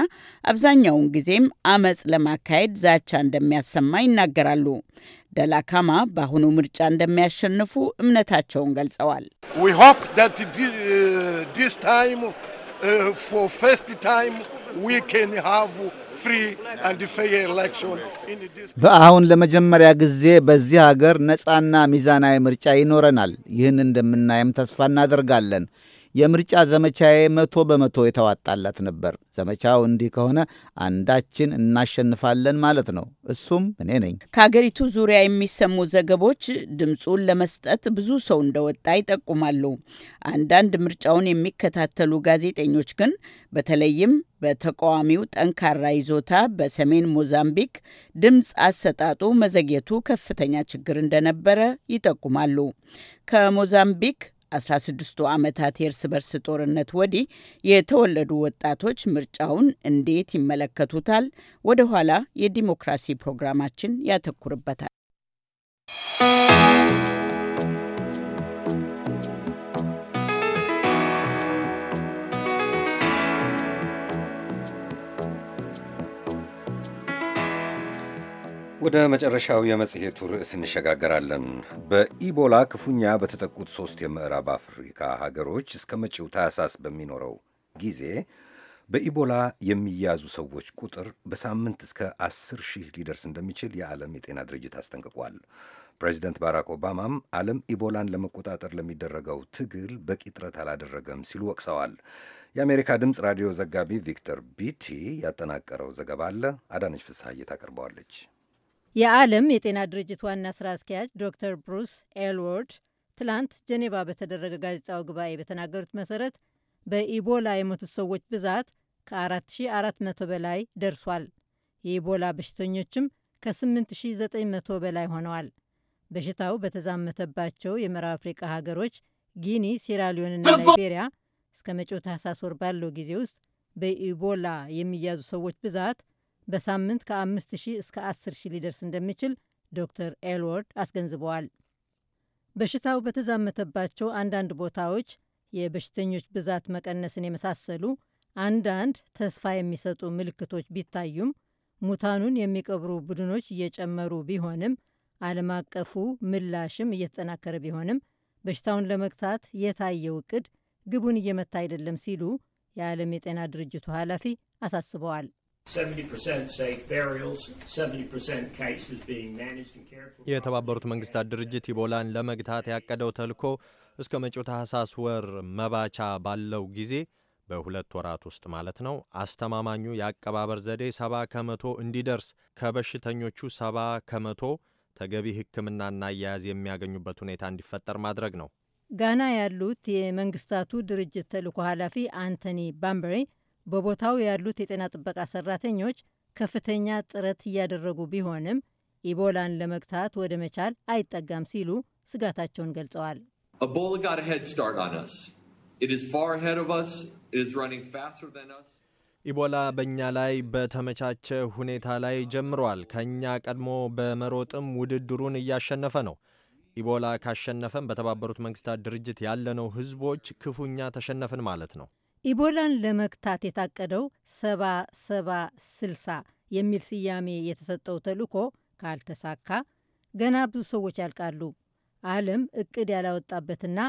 አብዛኛውን ጊዜም አመፅ ለማካሄድ ዛቻ እንደሚያሰማ ይናገራሉ። ደላካማ በአሁኑ ምርጫ እንደሚያሸንፉ እምነታቸውን ገልጸዋል። በአሁን ለመጀመሪያ ጊዜ በዚህ ሀገር ነፃና ሚዛናዊ ምርጫ ይኖረናል። ይህን እንደምናየም ተስፋ እናደርጋለን። የምርጫ ዘመቻዬ መቶ በመቶ የተዋጣላት ነበር። ዘመቻው እንዲህ ከሆነ አንዳችን እናሸንፋለን ማለት ነው። እሱም እኔ ነኝ። ከሀገሪቱ ዙሪያ የሚሰሙ ዘገቦች ድምፁን ለመስጠት ብዙ ሰው እንደወጣ ይጠቁማሉ። አንዳንድ ምርጫውን የሚከታተሉ ጋዜጠኞች ግን በተለይም በተቃዋሚው ጠንካራ ይዞታ በሰሜን ሞዛምቢክ ድምፅ አሰጣጡ መዘግየቱ ከፍተኛ ችግር እንደነበረ ይጠቁማሉ። ከሞዛምቢክ 16ቱ ዓመታት የእርስ በርስ ጦርነት ወዲህ የተወለዱ ወጣቶች ምርጫውን እንዴት ይመለከቱታል? ወደ ኋላ የዲሞክራሲ ፕሮግራማችን ያተኩርበታል። ወደ መጨረሻው የመጽሔቱ ርዕስ እንሸጋገራለን። በኢቦላ ክፉኛ በተጠቁት ሦስት የምዕራብ አፍሪካ ሀገሮች እስከ መጪው ታህሳስ በሚኖረው ጊዜ በኢቦላ የሚያዙ ሰዎች ቁጥር በሳምንት እስከ አስር ሺህ ሊደርስ እንደሚችል የዓለም የጤና ድርጅት አስጠንቅቋል። ፕሬዚደንት ባራክ ኦባማም ዓለም ኢቦላን ለመቆጣጠር ለሚደረገው ትግል በቂ ጥረት አላደረገም ሲሉ ወቅሰዋል። የአሜሪካ ድምፅ ራዲዮ ዘጋቢ ቪክተር ቢቲ ያጠናቀረው ዘገባ አለ። አዳነች ፍስሐዬ ታቀርበዋለች። የዓለም የጤና ድርጅት ዋና ስራ አስኪያጅ ዶክተር ብሩስ ኤልወርድ ትላንት ጀኔቫ በተደረገ ጋዜጣዊ ጉባኤ በተናገሩት መሰረት በኢቦላ የሞቱት ሰዎች ብዛት ከ4400 በላይ ደርሷል። የኢቦላ በሽተኞችም ከ8900 በላይ ሆነዋል። በሽታው በተዛመተባቸው የምዕራብ አፍሪቃ ሀገሮች ጊኒ፣ ሴራሊዮንና ላይቤሪያ እስከ መጪው ታህሳስ ወር ባለው ጊዜ ውስጥ በኢቦላ የሚያዙ ሰዎች ብዛት በሳምንት ከ 5000 ሺህ እስከ 10000 ሺህ ሊደርስ እንደሚችል ዶክተር ኤልወርድ አስገንዝበዋል። በሽታው በተዛመተባቸው አንዳንድ ቦታዎች የበሽተኞች ብዛት መቀነስን የመሳሰሉ አንዳንድ ተስፋ የሚሰጡ ምልክቶች ቢታዩም ሙታኑን የሚቀብሩ ቡድኖች እየጨመሩ ቢሆንም ዓለም አቀፉ ምላሽም እየተጠናከረ ቢሆንም በሽታውን ለመግታት የታየው እቅድ ግቡን እየመታ አይደለም ሲሉ የዓለም የጤና ድርጅቱ ኃላፊ አሳስበዋል። የተባበሩት መንግስታት ድርጅት ኢቦላን ለመግታት ያቀደው ተልእኮ እስከ መጪው ታህሳስ ወር መባቻ ባለው ጊዜ በሁለት ወራት ውስጥ ማለት ነው። አስተማማኙ የአቀባበር ዘዴ ሰባ ከመቶ እንዲደርስ ከበሽተኞቹ ሰባ ከመቶ ተገቢ ሕክምናና አያያዝ የሚያገኙበት ሁኔታ እንዲፈጠር ማድረግ ነው። ጋና ያሉት የመንግስታቱ ድርጅት ተልእኮ ኃላፊ አንቶኒ ባምበሬ በቦታው ያሉት የጤና ጥበቃ ሰራተኞች ከፍተኛ ጥረት እያደረጉ ቢሆንም ኢቦላን ለመግታት ወደ መቻል አይጠጋም ሲሉ ስጋታቸውን ገልጸዋል። ኢቦላ በእኛ ላይ በተመቻቸ ሁኔታ ላይ ጀምሯል። ከእኛ ቀድሞ በመሮጥም ውድድሩን እያሸነፈ ነው። ኢቦላ ካሸነፈን በተባበሩት መንግስታት ድርጅት ያለነው ህዝቦች ክፉኛ ተሸነፍን ማለት ነው። ኢቦላን ለመግታት የታቀደው ሰባ ሰባ ስልሳ የሚል ስያሜ የተሰጠው ተልእኮ ካልተሳካ ገና ብዙ ሰዎች ያልቃሉ። ዓለም እቅድ ያላወጣበትና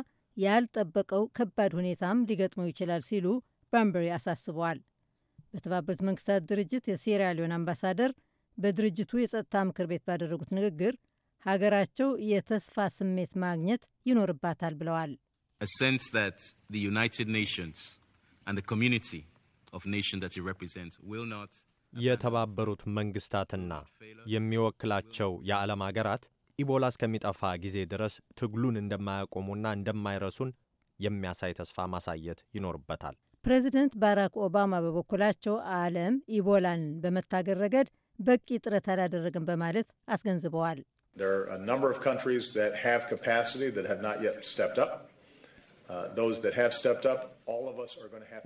ያልጠበቀው ከባድ ሁኔታም ሊገጥመው ይችላል ሲሉ ባምበሪ አሳስበዋል። በተባበሩት መንግስታት ድርጅት የሴራሊዮን አምባሳደር በድርጅቱ የጸጥታ ምክር ቤት ባደረጉት ንግግር ሀገራቸው የተስፋ ስሜት ማግኘት ይኖርባታል ብለዋል። and the community of nation that he represents will not የተባበሩት መንግስታትና የሚወክላቸው የዓለም አገራት ኢቦላ እስከሚጠፋ ጊዜ ድረስ ትግሉን እንደማያቆሙና እንደማይረሱን የሚያሳይ ተስፋ ማሳየት ይኖርበታል። ፕሬዚደንት ባራክ ኦባማ በበኩላቸው ዓለም ኢቦላን በመታገል ረገድ በቂ ጥረት አላደረግም በማለት አስገንዝበዋል። ሪ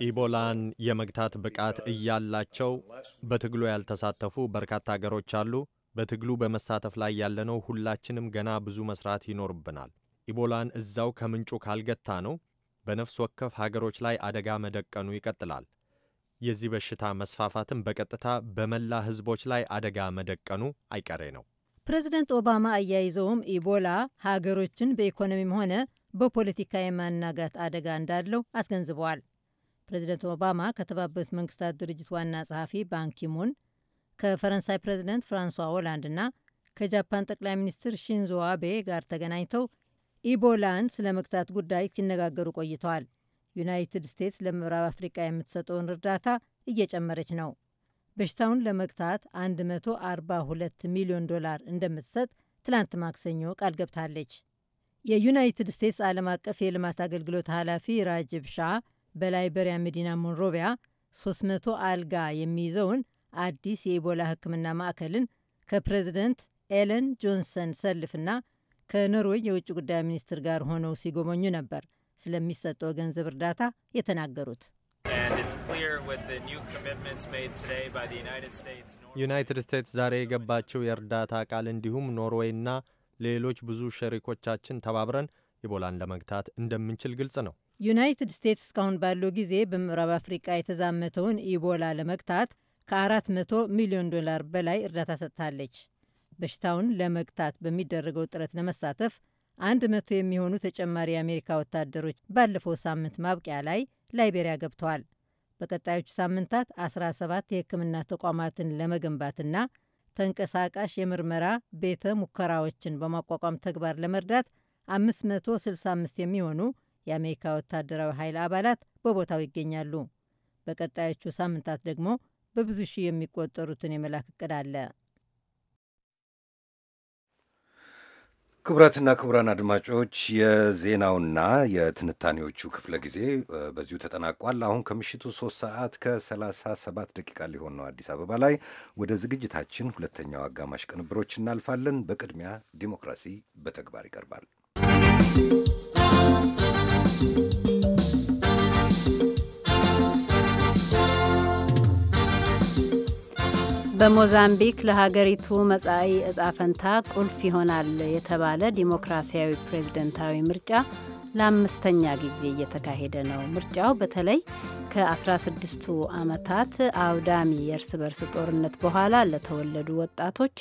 ኢቦላን የመግታት ብቃት እያላቸው በትግሉ ያልተሳተፉ በርካታ አገሮች አሉ። በትግሉ በመሳተፍ ላይ ያለነው ሁላችንም ገና ብዙ መስራት ይኖርብናል። ኢቦላን እዛው ከምንጩ ካልገታ ነው በነፍስ ወከፍ ሀገሮች ላይ አደጋ መደቀኑ ይቀጥላል። የዚህ በሽታ መስፋፋትም በቀጥታ በመላ ህዝቦች ላይ አደጋ መደቀኑ አይቀሬ ነው። ፕሬዚደንት ኦባማ አያይዘውም ኢቦላ ሀገሮችን በኢኮኖሚም ሆነ በፖለቲካ የማናጋት አደጋ እንዳለው አስገንዝበዋል። ፕሬዚደንት ኦባማ ከተባበሩት መንግስታት ድርጅት ዋና ጸሐፊ ባንኪሙን ከፈረንሳይ ፕሬዚደንት ፍራንሷ ኦላንድና ከጃፓን ጠቅላይ ሚኒስትር ሺንዞ አቤ ጋር ተገናኝተው ኢቦላን ስለ መግታት ጉዳይ ሲነጋገሩ ቆይተዋል። ዩናይትድ ስቴትስ ለምዕራብ አፍሪቃ የምትሰጠውን እርዳታ እየጨመረች ነው። በሽታውን ለመግታት 142 ሚሊዮን ዶላር እንደምትሰጥ ትላንት ማክሰኞ ቃል ገብታለች። የዩናይትድ ስቴትስ ዓለም አቀፍ የልማት አገልግሎት ኃላፊ ራጅብ ሻ በላይበሪያ መዲና ሞንሮቪያ 300 አልጋ የሚይዘውን አዲስ የኢቦላ ሕክምና ማዕከልን ከፕሬዚደንት ኤለን ጆንሰን ሰልፍና ከኖርዌይ የውጭ ጉዳይ ሚኒስትር ጋር ሆነው ሲጎበኙ ነበር ስለሚሰጠው ገንዘብ እርዳታ የተናገሩት። ዩናይትድ ስቴትስ ዛሬ የገባቸው የእርዳታ ቃል እንዲሁም ኖርዌይና ሌሎች ብዙ ሸሪኮቻችን ተባብረን ኢቦላን ለመግታት እንደምንችል ግልጽ ነው። ዩናይትድ ስቴትስ እስካሁን ባለው ጊዜ በምዕራብ አፍሪቃ የተዛመተውን ኢቦላ ለመግታት ከ400 ሚሊዮን ዶላር በላይ እርዳታ ሰጥታለች። በሽታውን ለመግታት በሚደረገው ጥረት ለመሳተፍ 100 የሚሆኑ ተጨማሪ የአሜሪካ ወታደሮች ባለፈው ሳምንት ማብቂያ ላይ ላይቤሪያ ገብተዋል። በቀጣዮቹ ሳምንታት 17 የሕክምና ተቋማትን ለመገንባትና ተንቀሳቃሽ የምርመራ ቤተ ሙከራዎችን በማቋቋም ተግባር ለመርዳት 565 የሚሆኑ የአሜሪካ ወታደራዊ ኃይል አባላት በቦታው ይገኛሉ። በቀጣዮቹ ሳምንታት ደግሞ በብዙ ሺህ የሚቆጠሩትን የመላክ እቅድ አለ። ክቡራትና ክቡራን አድማጮች የዜናውና የትንታኔዎቹ ክፍለ ጊዜ በዚሁ ተጠናቋል። አሁን ከምሽቱ ሶስት ሰዓት ከሰላሳ ሰባት ደቂቃ ሊሆን ነው አዲስ አበባ ላይ። ወደ ዝግጅታችን ሁለተኛው አጋማሽ ቅንብሮች እናልፋለን። በቅድሚያ ዲሞክራሲ በተግባር ይቀርባል። በሞዛምቢክ ለሀገሪቱ መጻኢ እጣ ፈንታ ቁልፍ ይሆናል የተባለ ዲሞክራሲያዊ ፕሬዝደንታዊ ምርጫ ለአምስተኛ ጊዜ እየተካሄደ ነው። ምርጫው በተለይ ከ16ቱ ዓመታት አውዳሚ የእርስ በርስ ጦርነት በኋላ ለተወለዱ ወጣቶች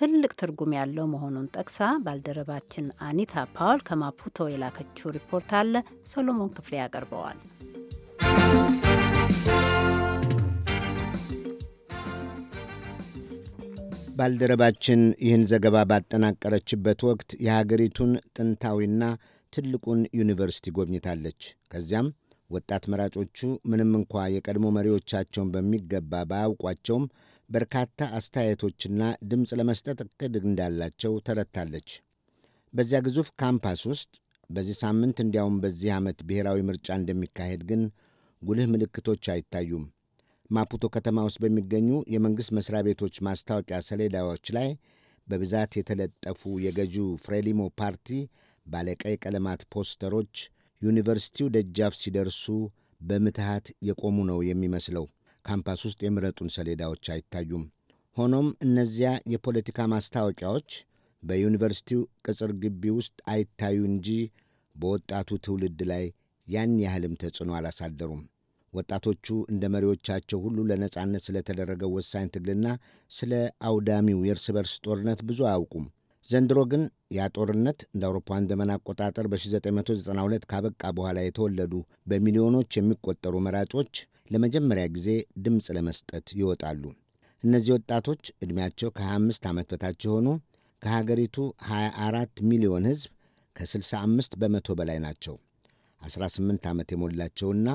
ትልቅ ትርጉም ያለው መሆኑን ጠቅሳ ባልደረባችን አኒታ ፓውል ከማፑቶ የላከችው ሪፖርት አለ። ሰሎሞን ክፍሌ ያቀርበዋል። ባልደረባችን ይህን ዘገባ ባጠናቀረችበት ወቅት የሀገሪቱን ጥንታዊና ትልቁን ዩኒቨርሲቲ ጎብኝታለች። ከዚያም ወጣት መራጮቹ ምንም እንኳ የቀድሞ መሪዎቻቸውን በሚገባ ባያውቋቸውም በርካታ አስተያየቶችና ድምፅ ለመስጠት እቅድ እንዳላቸው ተረታለች። በዚያ ግዙፍ ካምፓስ ውስጥ በዚህ ሳምንት እንዲያውም በዚህ ዓመት ብሔራዊ ምርጫ እንደሚካሄድ ግን ጉልህ ምልክቶች አይታዩም። ማፑቶ ከተማ ውስጥ በሚገኙ የመንግሥት መሥሪያ ቤቶች ማስታወቂያ ሰሌዳዎች ላይ በብዛት የተለጠፉ የገዢው ፍሬሊሞ ፓርቲ ባለቀይ ቀለማት ፖስተሮች ዩኒቨርሲቲው ደጃፍ ሲደርሱ በምትሃት የቆሙ ነው የሚመስለው። ካምፓስ ውስጥ የምረጡን ሰሌዳዎች አይታዩም። ሆኖም እነዚያ የፖለቲካ ማስታወቂያዎች በዩኒቨርሲቲው ቅጽር ግቢ ውስጥ አይታዩ እንጂ በወጣቱ ትውልድ ላይ ያን ያህልም ተጽዕኖ አላሳደሩም። ወጣቶቹ እንደ መሪዎቻቸው ሁሉ ለነጻነት ስለተደረገው ወሳኝ ትግልና ስለ አውዳሚው የእርስ በርስ ጦርነት ብዙ አያውቁም። ዘንድሮ ግን ያ ጦርነት እንደ አውሮፓውያን ዘመን አቆጣጠር በ1992 ካበቃ በኋላ የተወለዱ በሚሊዮኖች የሚቆጠሩ መራጮች ለመጀመሪያ ጊዜ ድምፅ ለመስጠት ይወጣሉ። እነዚህ ወጣቶች ዕድሜያቸው ከ25 ዓመት በታች የሆኑ ከሀገሪቱ 24 ሚሊዮን ሕዝብ ከ65 በመቶ በላይ ናቸው። 18 ዓመት የሞላቸውና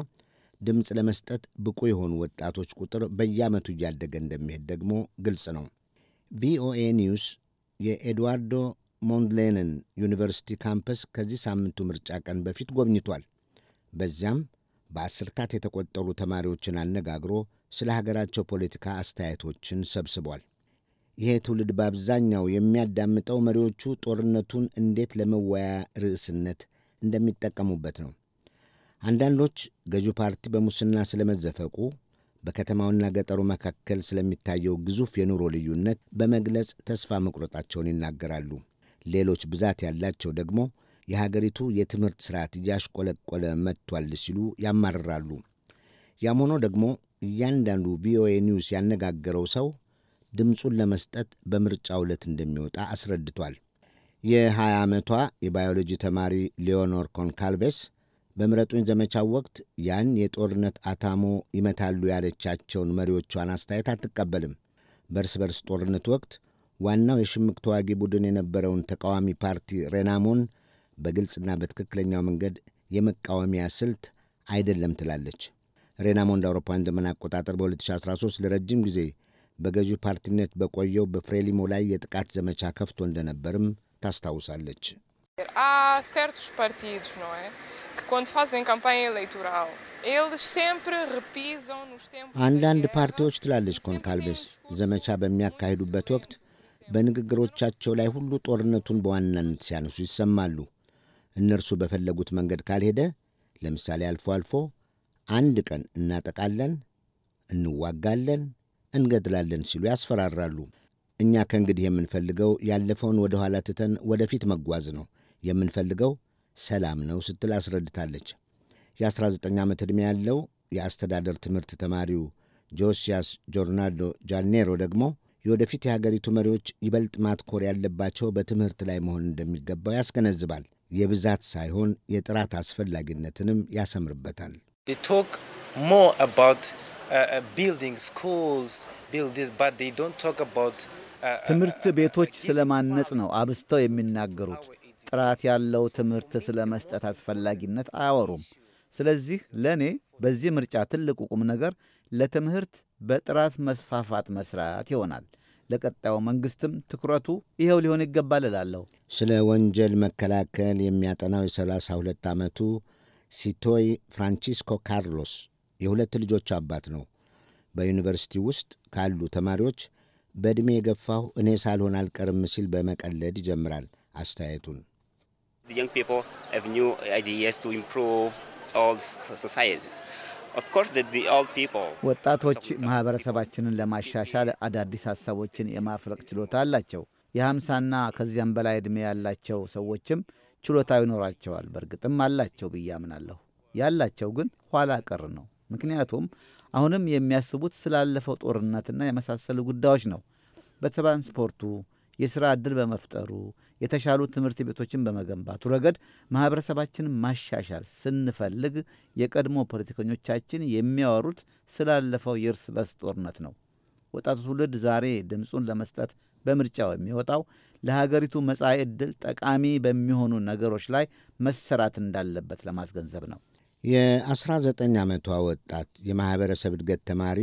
ድምፅ ለመስጠት ብቁ የሆኑ ወጣቶች ቁጥር በየዓመቱ እያደገ እንደሚሄድ ደግሞ ግልጽ ነው። ቪኦኤ ኒውስ የኤድዋርዶ ሞንድሌንን ዩኒቨርሲቲ ካምፐስ ከዚህ ሳምንቱ ምርጫ ቀን በፊት ጎብኝቷል። በዚያም በአስርታት የተቆጠሩ ተማሪዎችን አነጋግሮ ስለ ሀገራቸው ፖለቲካ አስተያየቶችን ሰብስቧል። ይሄ ትውልድ በአብዛኛው የሚያዳምጠው መሪዎቹ ጦርነቱን እንዴት ለመወያ ርዕስነት እንደሚጠቀሙበት ነው። አንዳንዶች ገዢው ፓርቲ በሙስና ስለመዘፈቁ በከተማውና ገጠሩ መካከል ስለሚታየው ግዙፍ የኑሮ ልዩነት በመግለጽ ተስፋ መቁረጣቸውን ይናገራሉ። ሌሎች ብዛት ያላቸው ደግሞ የሀገሪቱ የትምህርት ስርዓት እያሽቆለቆለ መጥቷል ሲሉ ያማርራሉ። ያም ሆኖ ደግሞ እያንዳንዱ ቪኦኤ ኒውስ ያነጋገረው ሰው ድምፁን ለመስጠት በምርጫው ዕለት እንደሚወጣ አስረድቷል። የ20 ዓመቷ የባዮሎጂ ተማሪ ሊዮኖር ኮንካልቬስ በምረጡኝ ዘመቻው ወቅት ያን የጦርነት አታሞ ይመታሉ ያለቻቸውን መሪዎቿን አስተያየት አትቀበልም። በእርስ በርስ ጦርነት ወቅት ዋናው የሽምቅ ተዋጊ ቡድን የነበረውን ተቃዋሚ ፓርቲ ሬናሞን በግልጽና በትክክለኛው መንገድ የመቃወሚያ ስልት አይደለም ትላለች። ሬናሞን እንደ አውሮፓውያን ዘመን አቆጣጠር በ2013 ለረጅም ጊዜ በገዢው ፓርቲነት በቆየው በፍሬሊሞ ላይ የጥቃት ዘመቻ ከፍቶ እንደነበርም ታስታውሳለች። que quando fazem campanha eleitoral አንዳንድ ፓርቲዎች ትላለች ኮንካልቬስ ዘመቻ በሚያካሂዱበት ወቅት በንግግሮቻቸው ላይ ሁሉ ጦርነቱን በዋናነት ሲያነሱ ይሰማሉ። እነርሱ በፈለጉት መንገድ ካልሄደ ለምሳሌ አልፎ አልፎ አንድ ቀን እናጠቃለን፣ እንዋጋለን፣ እንገድላለን ሲሉ ያስፈራራሉ። እኛ ከእንግዲህ የምንፈልገው ያለፈውን ወደ ኋላ ትተን ወደፊት መጓዝ ነው። የምንፈልገው ሰላም ነው ስትል አስረድታለች። የ19 ዓመት ዕድሜ ያለው የአስተዳደር ትምህርት ተማሪው ጆሲያስ ጆርናልዶ ጃኔሮ ደግሞ የወደፊት የሀገሪቱ መሪዎች ይበልጥ ማትኮር ያለባቸው በትምህርት ላይ መሆን እንደሚገባው ያስገነዝባል። የብዛት ሳይሆን የጥራት አስፈላጊነትንም ያሰምርበታል። uh, uh, uh, ትምህርት ቤቶች ስለማነጽ ነው አብስተው የሚናገሩት። ጥራት ያለው ትምህርት ስለ መስጠት አስፈላጊነት አያወሩም። ስለዚህ ለእኔ በዚህ ምርጫ ትልቁ ቁም ነገር ለትምህርት በጥራት መስፋፋት መስራት ይሆናል። ለቀጣዩ መንግስትም ትኩረቱ ይኸው ሊሆን ይገባል እላለሁ። ስለ ወንጀል መከላከል የሚያጠናው የሰላሳ ሁለት ዓመቱ ሲቶይ ፍራንቺስኮ ካርሎስ የሁለት ልጆች አባት ነው። በዩኒቨርሲቲ ውስጥ ካሉ ተማሪዎች በዕድሜ የገፋሁ እኔ ሳልሆን አልቀርም ሲል በመቀለድ ይጀምራል አስተያየቱን። The young people have new ideas to improve all society. Of course the old people ወጣቶች ማህበረሰባችንን ለማሻሻል አዳዲስ ሀሳቦችን የማፍለቅ ችሎታ አላቸው። የሀምሳና ከዚያም በላይ ዕድሜ ያላቸው ሰዎችም ችሎታ ይኖራቸዋል። በእርግጥም አላቸው ብዬ አምናለሁ። ያላቸው ግን ኋላ ቀር ነው። ምክንያቱም አሁንም የሚያስቡት ስላለፈው ጦርነትና የመሳሰሉ ጉዳዮች ነው። በትራንስፖርቱ፣ የሥራ ዕድል በመፍጠሩ የተሻሉ ትምህርት ቤቶችን በመገንባቱ ረገድ ማኅበረሰባችን ማሻሻል ስንፈልግ የቀድሞ ፖለቲከኞቻችን የሚያወሩት ስላለፈው የእርስ በርስ ጦርነት ነው። ወጣቱ ትውልድ ዛሬ ድምፁን ለመስጠት በምርጫው የሚወጣው ለሀገሪቱ መጻኢ ዕድል ጠቃሚ በሚሆኑ ነገሮች ላይ መሰራት እንዳለበት ለማስገንዘብ ነው። የ19 ዓመቷ ወጣት የማኅበረሰብ እድገት ተማሪ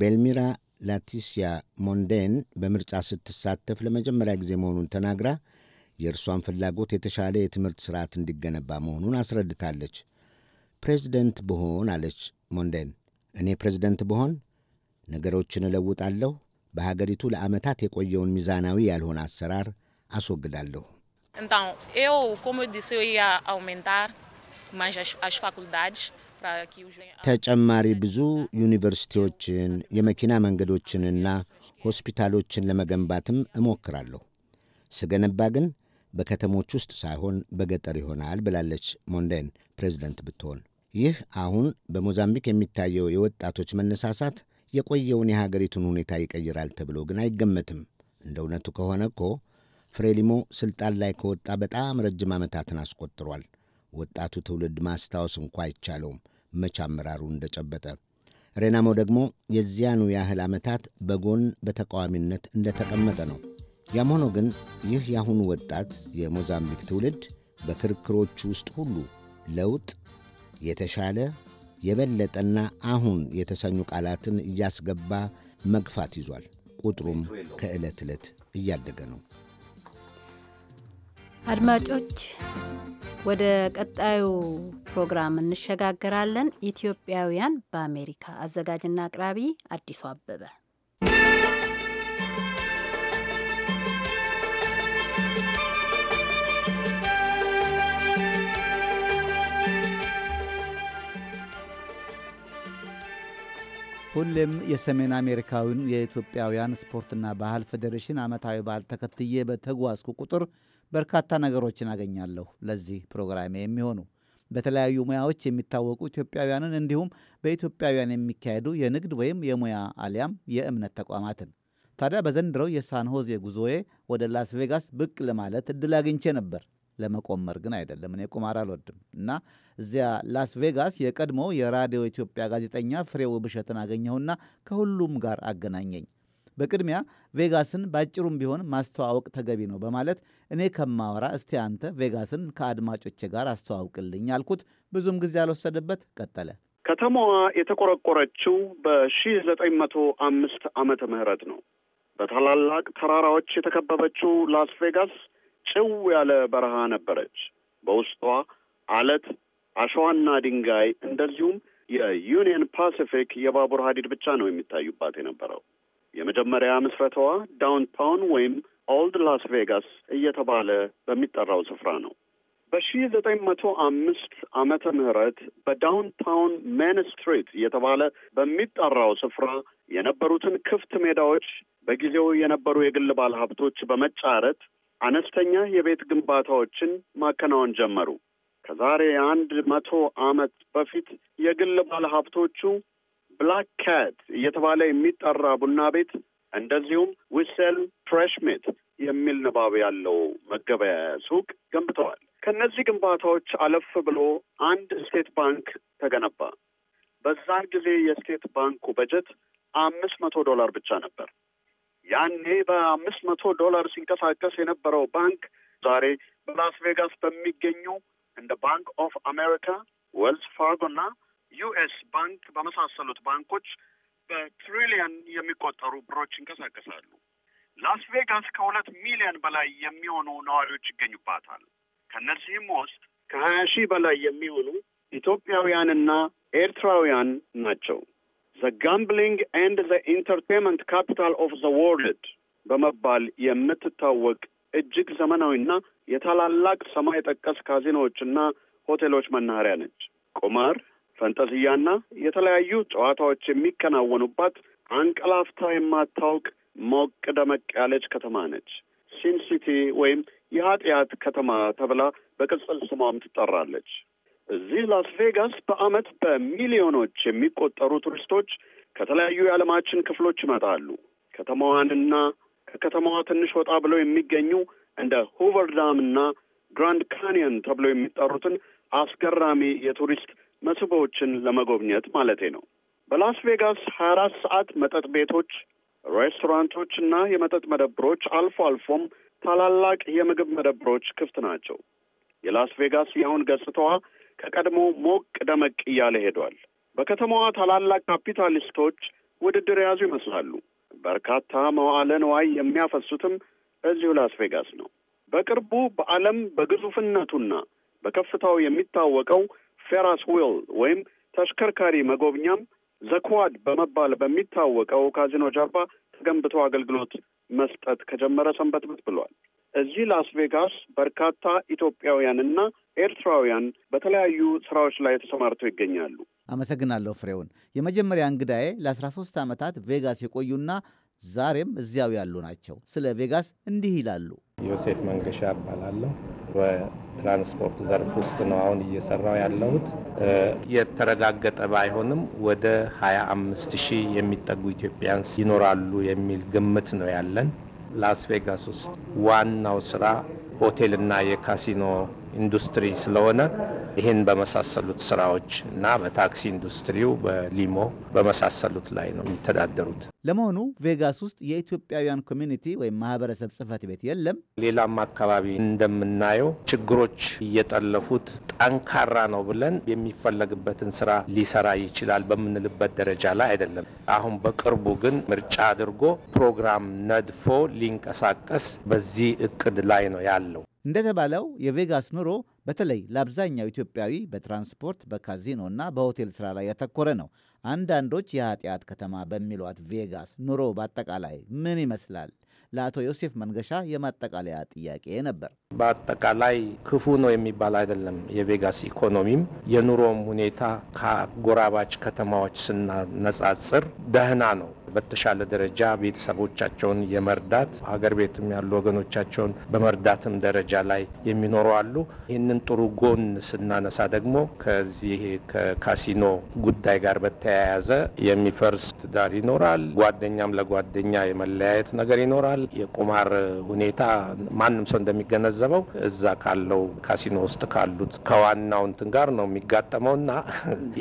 ቤልሚራ ላቲሲያ ሞንዴን በምርጫ ስትሳተፍ ለመጀመሪያ ጊዜ መሆኑን ተናግራ የእርሷን ፍላጎት የተሻለ የትምህርት ስርዓት እንዲገነባ መሆኑን አስረድታለች። ፕሬዚደንት ብሆን አለች ሞንዴን፣ እኔ ፕሬዚደንት ብሆን ነገሮችን እለውጣለሁ፣ በሀገሪቱ ለዓመታት የቆየውን ሚዛናዊ ያልሆነ አሰራር አስወግዳለሁ። então ኤው ኮሞ eu disse eu ia ተጨማሪ ብዙ ዩኒቨርሲቲዎችን የመኪና መንገዶችንና ሆስፒታሎችን ለመገንባትም እሞክራለሁ። ስገነባ ግን በከተሞች ውስጥ ሳይሆን በገጠር ይሆናል ብላለች ሞንዴን ፕሬዚደንት ብትሆን። ይህ አሁን በሞዛምቢክ የሚታየው የወጣቶች መነሳሳት የቆየውን የሀገሪቱን ሁኔታ ይቀይራል ተብሎ ግን አይገመትም። እንደ እውነቱ ከሆነ እኮ ፍሬሊሞ ስልጣን ላይ ከወጣ በጣም ረጅም ዓመታትን አስቆጥሯል። ወጣቱ ትውልድ ማስታወስ እንኳ አይቻለውም። መቻ አመራሩ እንደጨበጠ ሬናሞ ደግሞ የዚያኑ ያህል ዓመታት በጎን በተቃዋሚነት እንደተቀመጠ ነው። ያም ሆኖ ግን ይህ የአሁኑ ወጣት የሞዛምቢክ ትውልድ በክርክሮቹ ውስጥ ሁሉ ለውጥ፣ የተሻለ፣ የበለጠና አሁን የተሰኙ ቃላትን እያስገባ መግፋት ይዟል። ቁጥሩም ከዕለት ዕለት እያደገ ነው። አድማጮች ወደ ቀጣዩ ፕሮግራም እንሸጋገራለን። ኢትዮጵያውያን በአሜሪካ አዘጋጅና አቅራቢ አዲሱ አበበ። ሁሌም የሰሜን አሜሪካዊን የኢትዮጵያውያን ስፖርትና ባህል ፌዴሬሽን ዓመታዊ በዓል ተከትዬ በተጓዝኩ ቁጥር በርካታ ነገሮችን አገኛለሁ ለዚህ ፕሮግራሜ የሚሆኑ በተለያዩ ሙያዎች የሚታወቁ ኢትዮጵያውያንን እንዲሁም በኢትዮጵያውያን የሚካሄዱ የንግድ ወይም የሙያ አሊያም የእምነት ተቋማትን። ታዲያ በዘንድረው የሳንሆዜ ጉዞዬ ወደ ላስ ቬጋስ ብቅ ለማለት እድል አግኝቼ ነበር። ለመቆመር ግን አይደለም፣ እኔ ቁማር አልወድም እና እዚያ ላስ ቬጋስ የቀድሞ የራዲዮ ኢትዮጵያ ጋዜጠኛ ፍሬው ብሸትን አገኘሁና ከሁሉም ጋር አገናኘኝ። በቅድሚያ ቬጋስን ባጭሩም ቢሆን ማስተዋወቅ ተገቢ ነው በማለት እኔ ከማወራ እስቲ አንተ ቬጋስን ከአድማጮች ጋር አስተዋውቅልኝ አልኩት። ብዙም ጊዜ ያልወሰደበት ቀጠለ። ከተማዋ የተቆረቆረችው በሺህ ዘጠኝ መቶ አምስት ዓመተ ምህረት ነው። በታላላቅ ተራራዎች የተከበበችው ላስ ቬጋስ ጭው ያለ በረሃ ነበረች። በውስጧ አለት፣ አሸዋና ድንጋይ እንደዚሁም የዩኒየን ፓሲፊክ የባቡር ሀዲድ ብቻ ነው የሚታዩባት የነበረው። የመጀመሪያ ምስረታዋ ዳውንታውን ወይም ኦልድ ላስ ቬጋስ እየተባለ በሚጠራው ስፍራ ነው። በሺ ዘጠኝ መቶ አምስት ዓመተ ምህረት በዳውንታውን ሜን ስትሪት እየተባለ በሚጠራው ስፍራ የነበሩትን ክፍት ሜዳዎች በጊዜው የነበሩ የግል ባለሀብቶች በመጫረት አነስተኛ የቤት ግንባታዎችን ማከናወን ጀመሩ። ከዛሬ አንድ መቶ ዓመት በፊት የግል ባለሀብቶቹ ብላክ ካት እየተባለ የሚጠራ ቡና ቤት እንደዚሁም ዊሰል ፍሬሽሜት የሚል ንባብ ያለው መገበያ ሱቅ ገንብተዋል። ከእነዚህ ግንባታዎች አለፍ ብሎ አንድ ስቴት ባንክ ተገነባ። በዛን ጊዜ የስቴት ባንኩ በጀት አምስት መቶ ዶላር ብቻ ነበር። ያኔ በአምስት መቶ ዶላር ሲንቀሳቀስ የነበረው ባንክ ዛሬ በላስ ቬጋስ በሚገኙ እንደ ባንክ ኦፍ አሜሪካ፣ ዌልስ ፋርጎ እና ዩኤስ ባንክ በመሳሰሉት ባንኮች በትሪሊየን የሚቆጠሩ ብሮች ይንቀሳቀሳሉ። ላስ ቬጋስ ከሁለት ሚሊዮን በላይ የሚሆኑ ነዋሪዎች ይገኙባታል። ከእነዚህም ውስጥ ከሀያ ሺህ በላይ የሚሆኑ ኢትዮጵያውያንና ኤርትራውያን ናቸው። ዘ ጋምብሊንግ ኤንድ ዘ ኢንተርቴንመንት ካፒታል ኦፍ ዘ ወርልድ በመባል የምትታወቅ እጅግ ዘመናዊና የታላላቅ ሰማይ ጠቀስ ካዚኖዎችና ሆቴሎች መናኸሪያ ነች። ቁማር ፈንጠዝያና የተለያዩ ጨዋታዎች የሚከናወኑባት አንቀላፍታ የማታውቅ ሞቅ ደመቅ ያለች ከተማ ነች። ሲንሲቲ ወይም የኃጢአት ከተማ ተብላ በቅጽል ስሟም ትጠራለች። እዚህ ላስ ቬጋስ በዓመት በሚሊዮኖች የሚቆጠሩ ቱሪስቶች ከተለያዩ የዓለማችን ክፍሎች ይመጣሉ። ከተማዋንና ከከተማዋ ትንሽ ወጣ ብለው የሚገኙ እንደ ሁቨር እና ግራንድ ካኒየን ተብለው የሚጠሩትን አስገራሚ የቱሪስት መስህቦችን ለመጎብኘት ማለቴ ነው። በላስ ቬጋስ ሀያ አራት ሰዓት መጠጥ ቤቶች፣ ሬስቶራንቶች እና የመጠጥ መደብሮች አልፎ አልፎም ታላላቅ የምግብ መደብሮች ክፍት ናቸው። የላስ ቬጋስ የአሁን ገጽታዋ ከቀድሞ ሞቅ ደመቅ እያለ ሄዷል። በከተማዋ ታላላቅ ካፒታሊስቶች ውድድር የያዙ ይመስላሉ። በርካታ መዋዕለ ንዋይ የሚያፈሱትም እዚሁ ላስ ቬጋስ ነው። በቅርቡ በዓለም በግዙፍነቱና በከፍታው የሚታወቀው ፌራስ ዊል ወይም ተሽከርካሪ መጎብኛም ዘኳድ በመባል በሚታወቀው ካዚኖ ጀርባ ተገንብቶ አገልግሎት መስጠት ከጀመረ ሰንበት ብት ብሏል። እዚህ ላስ ቬጋስ በርካታ ኢትዮጵያውያንና ኤርትራውያን በተለያዩ ስራዎች ላይ ተሰማርተው ይገኛሉ። አመሰግናለሁ ፍሬውን። የመጀመሪያ እንግዳዬ ለአስራ ሶስት ዓመታት ቬጋስ የቆዩና ዛሬም እዚያው ያሉ ናቸው። ስለ ቬጋስ እንዲህ ይላሉ። ዮሴፍ መንገሻ እባላለሁ። ትራንስፖርት ዘርፍ ውስጥ ነው አሁን እየሰራው ያለሁት። የተረጋገጠ ባይሆንም ወደ 25 ሺህ የሚጠጉ ኢትዮጵያንስ ይኖራሉ የሚል ግምት ነው ያለን። ላስ ቬጋስ ውስጥ ዋናው ስራ ሆቴልና የካሲኖ ኢንዱስትሪ ስለሆነ ይህን በመሳሰሉት ስራዎች እና በታክሲ ኢንዱስትሪው በሊሞ በመሳሰሉት ላይ ነው የሚተዳደሩት። ለመሆኑ ቬጋስ ውስጥ የኢትዮጵያውያን ኮሚኒቲ ወይም ማህበረሰብ ጽህፈት ቤት የለም? ሌላም አካባቢ እንደምናየው ችግሮች እየጠለፉት ጠንካራ ነው ብለን የሚፈለግበትን ስራ ሊሰራ ይችላል በምንልበት ደረጃ ላይ አይደለም። አሁን በቅርቡ ግን ምርጫ አድርጎ ፕሮግራም ነድፎ ሊንቀሳቀስ በዚህ እቅድ ላይ ነው ያለው። እንደተባለው የቬጋስ ኑሮ በተለይ ለአብዛኛው ኢትዮጵያዊ በትራንስፖርት በካዚኖ እና በሆቴል ስራ ላይ ያተኮረ ነው። አንዳንዶች የኃጢአት ከተማ በሚሏት ቬጋስ ኑሮ በአጠቃላይ ምን ይመስላል? ለአቶ ዮሴፍ መንገሻ የማጠቃለያ ጥያቄ ነበር። በአጠቃላይ ክፉ ነው የሚባል አይደለም። የቬጋስ ኢኮኖሚም የኑሮም ሁኔታ ከጎራባች ከተማዎች ስናነጻጽር ደህና ነው። በተሻለ ደረጃ ቤተሰቦቻቸውን የመርዳት ሀገር ቤትም ያሉ ወገኖቻቸውን በመርዳትም ደረጃ ላይ የሚኖሩ አሉ። ይህንን ጥሩ ጎን ስናነሳ ደግሞ ከዚህ ከካሲኖ ጉዳይ ጋር በተያያዘ የሚፈርስ ትዳር ይኖራል። ጓደኛም ለጓደኛ የመለያየት ነገር ይኖራል። የቁማር ሁኔታ ማንም ሰው እንደሚገነዘበው እዛ ካለው ካሲኖ ውስጥ ካሉት ከዋናው እንትን ጋር ነው የሚጋጠመውና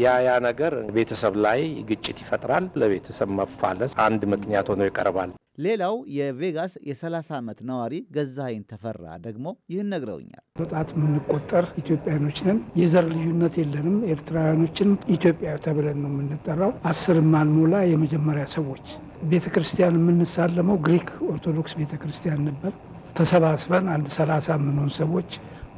ያ ያ ነገር ቤተሰብ ላይ ግጭት ይፈጥራል። ለቤተሰብ መፋል መመላለስ አንድ ምክንያት ሆኖ ይቀርባል። ሌላው የቬጋስ የ30 ዓመት ነዋሪ ገዛኸኝ ተፈራ ደግሞ ይህን ነግረውኛል። በጣት የምንቆጠር ኢትዮጵያኖች ነን። የዘር ልዩነት የለንም። ኤርትራውያኖችን ኢትዮጵያ ተብለን ነው የምንጠራው። አስር ማንሞላ የመጀመሪያ ሰዎች ቤተ ክርስቲያን የምንሳለመው ግሪክ ኦርቶዶክስ ቤተ ክርስቲያን ነበር። ተሰባስበን አንድ ሰላሳ የምንሆን ሰዎች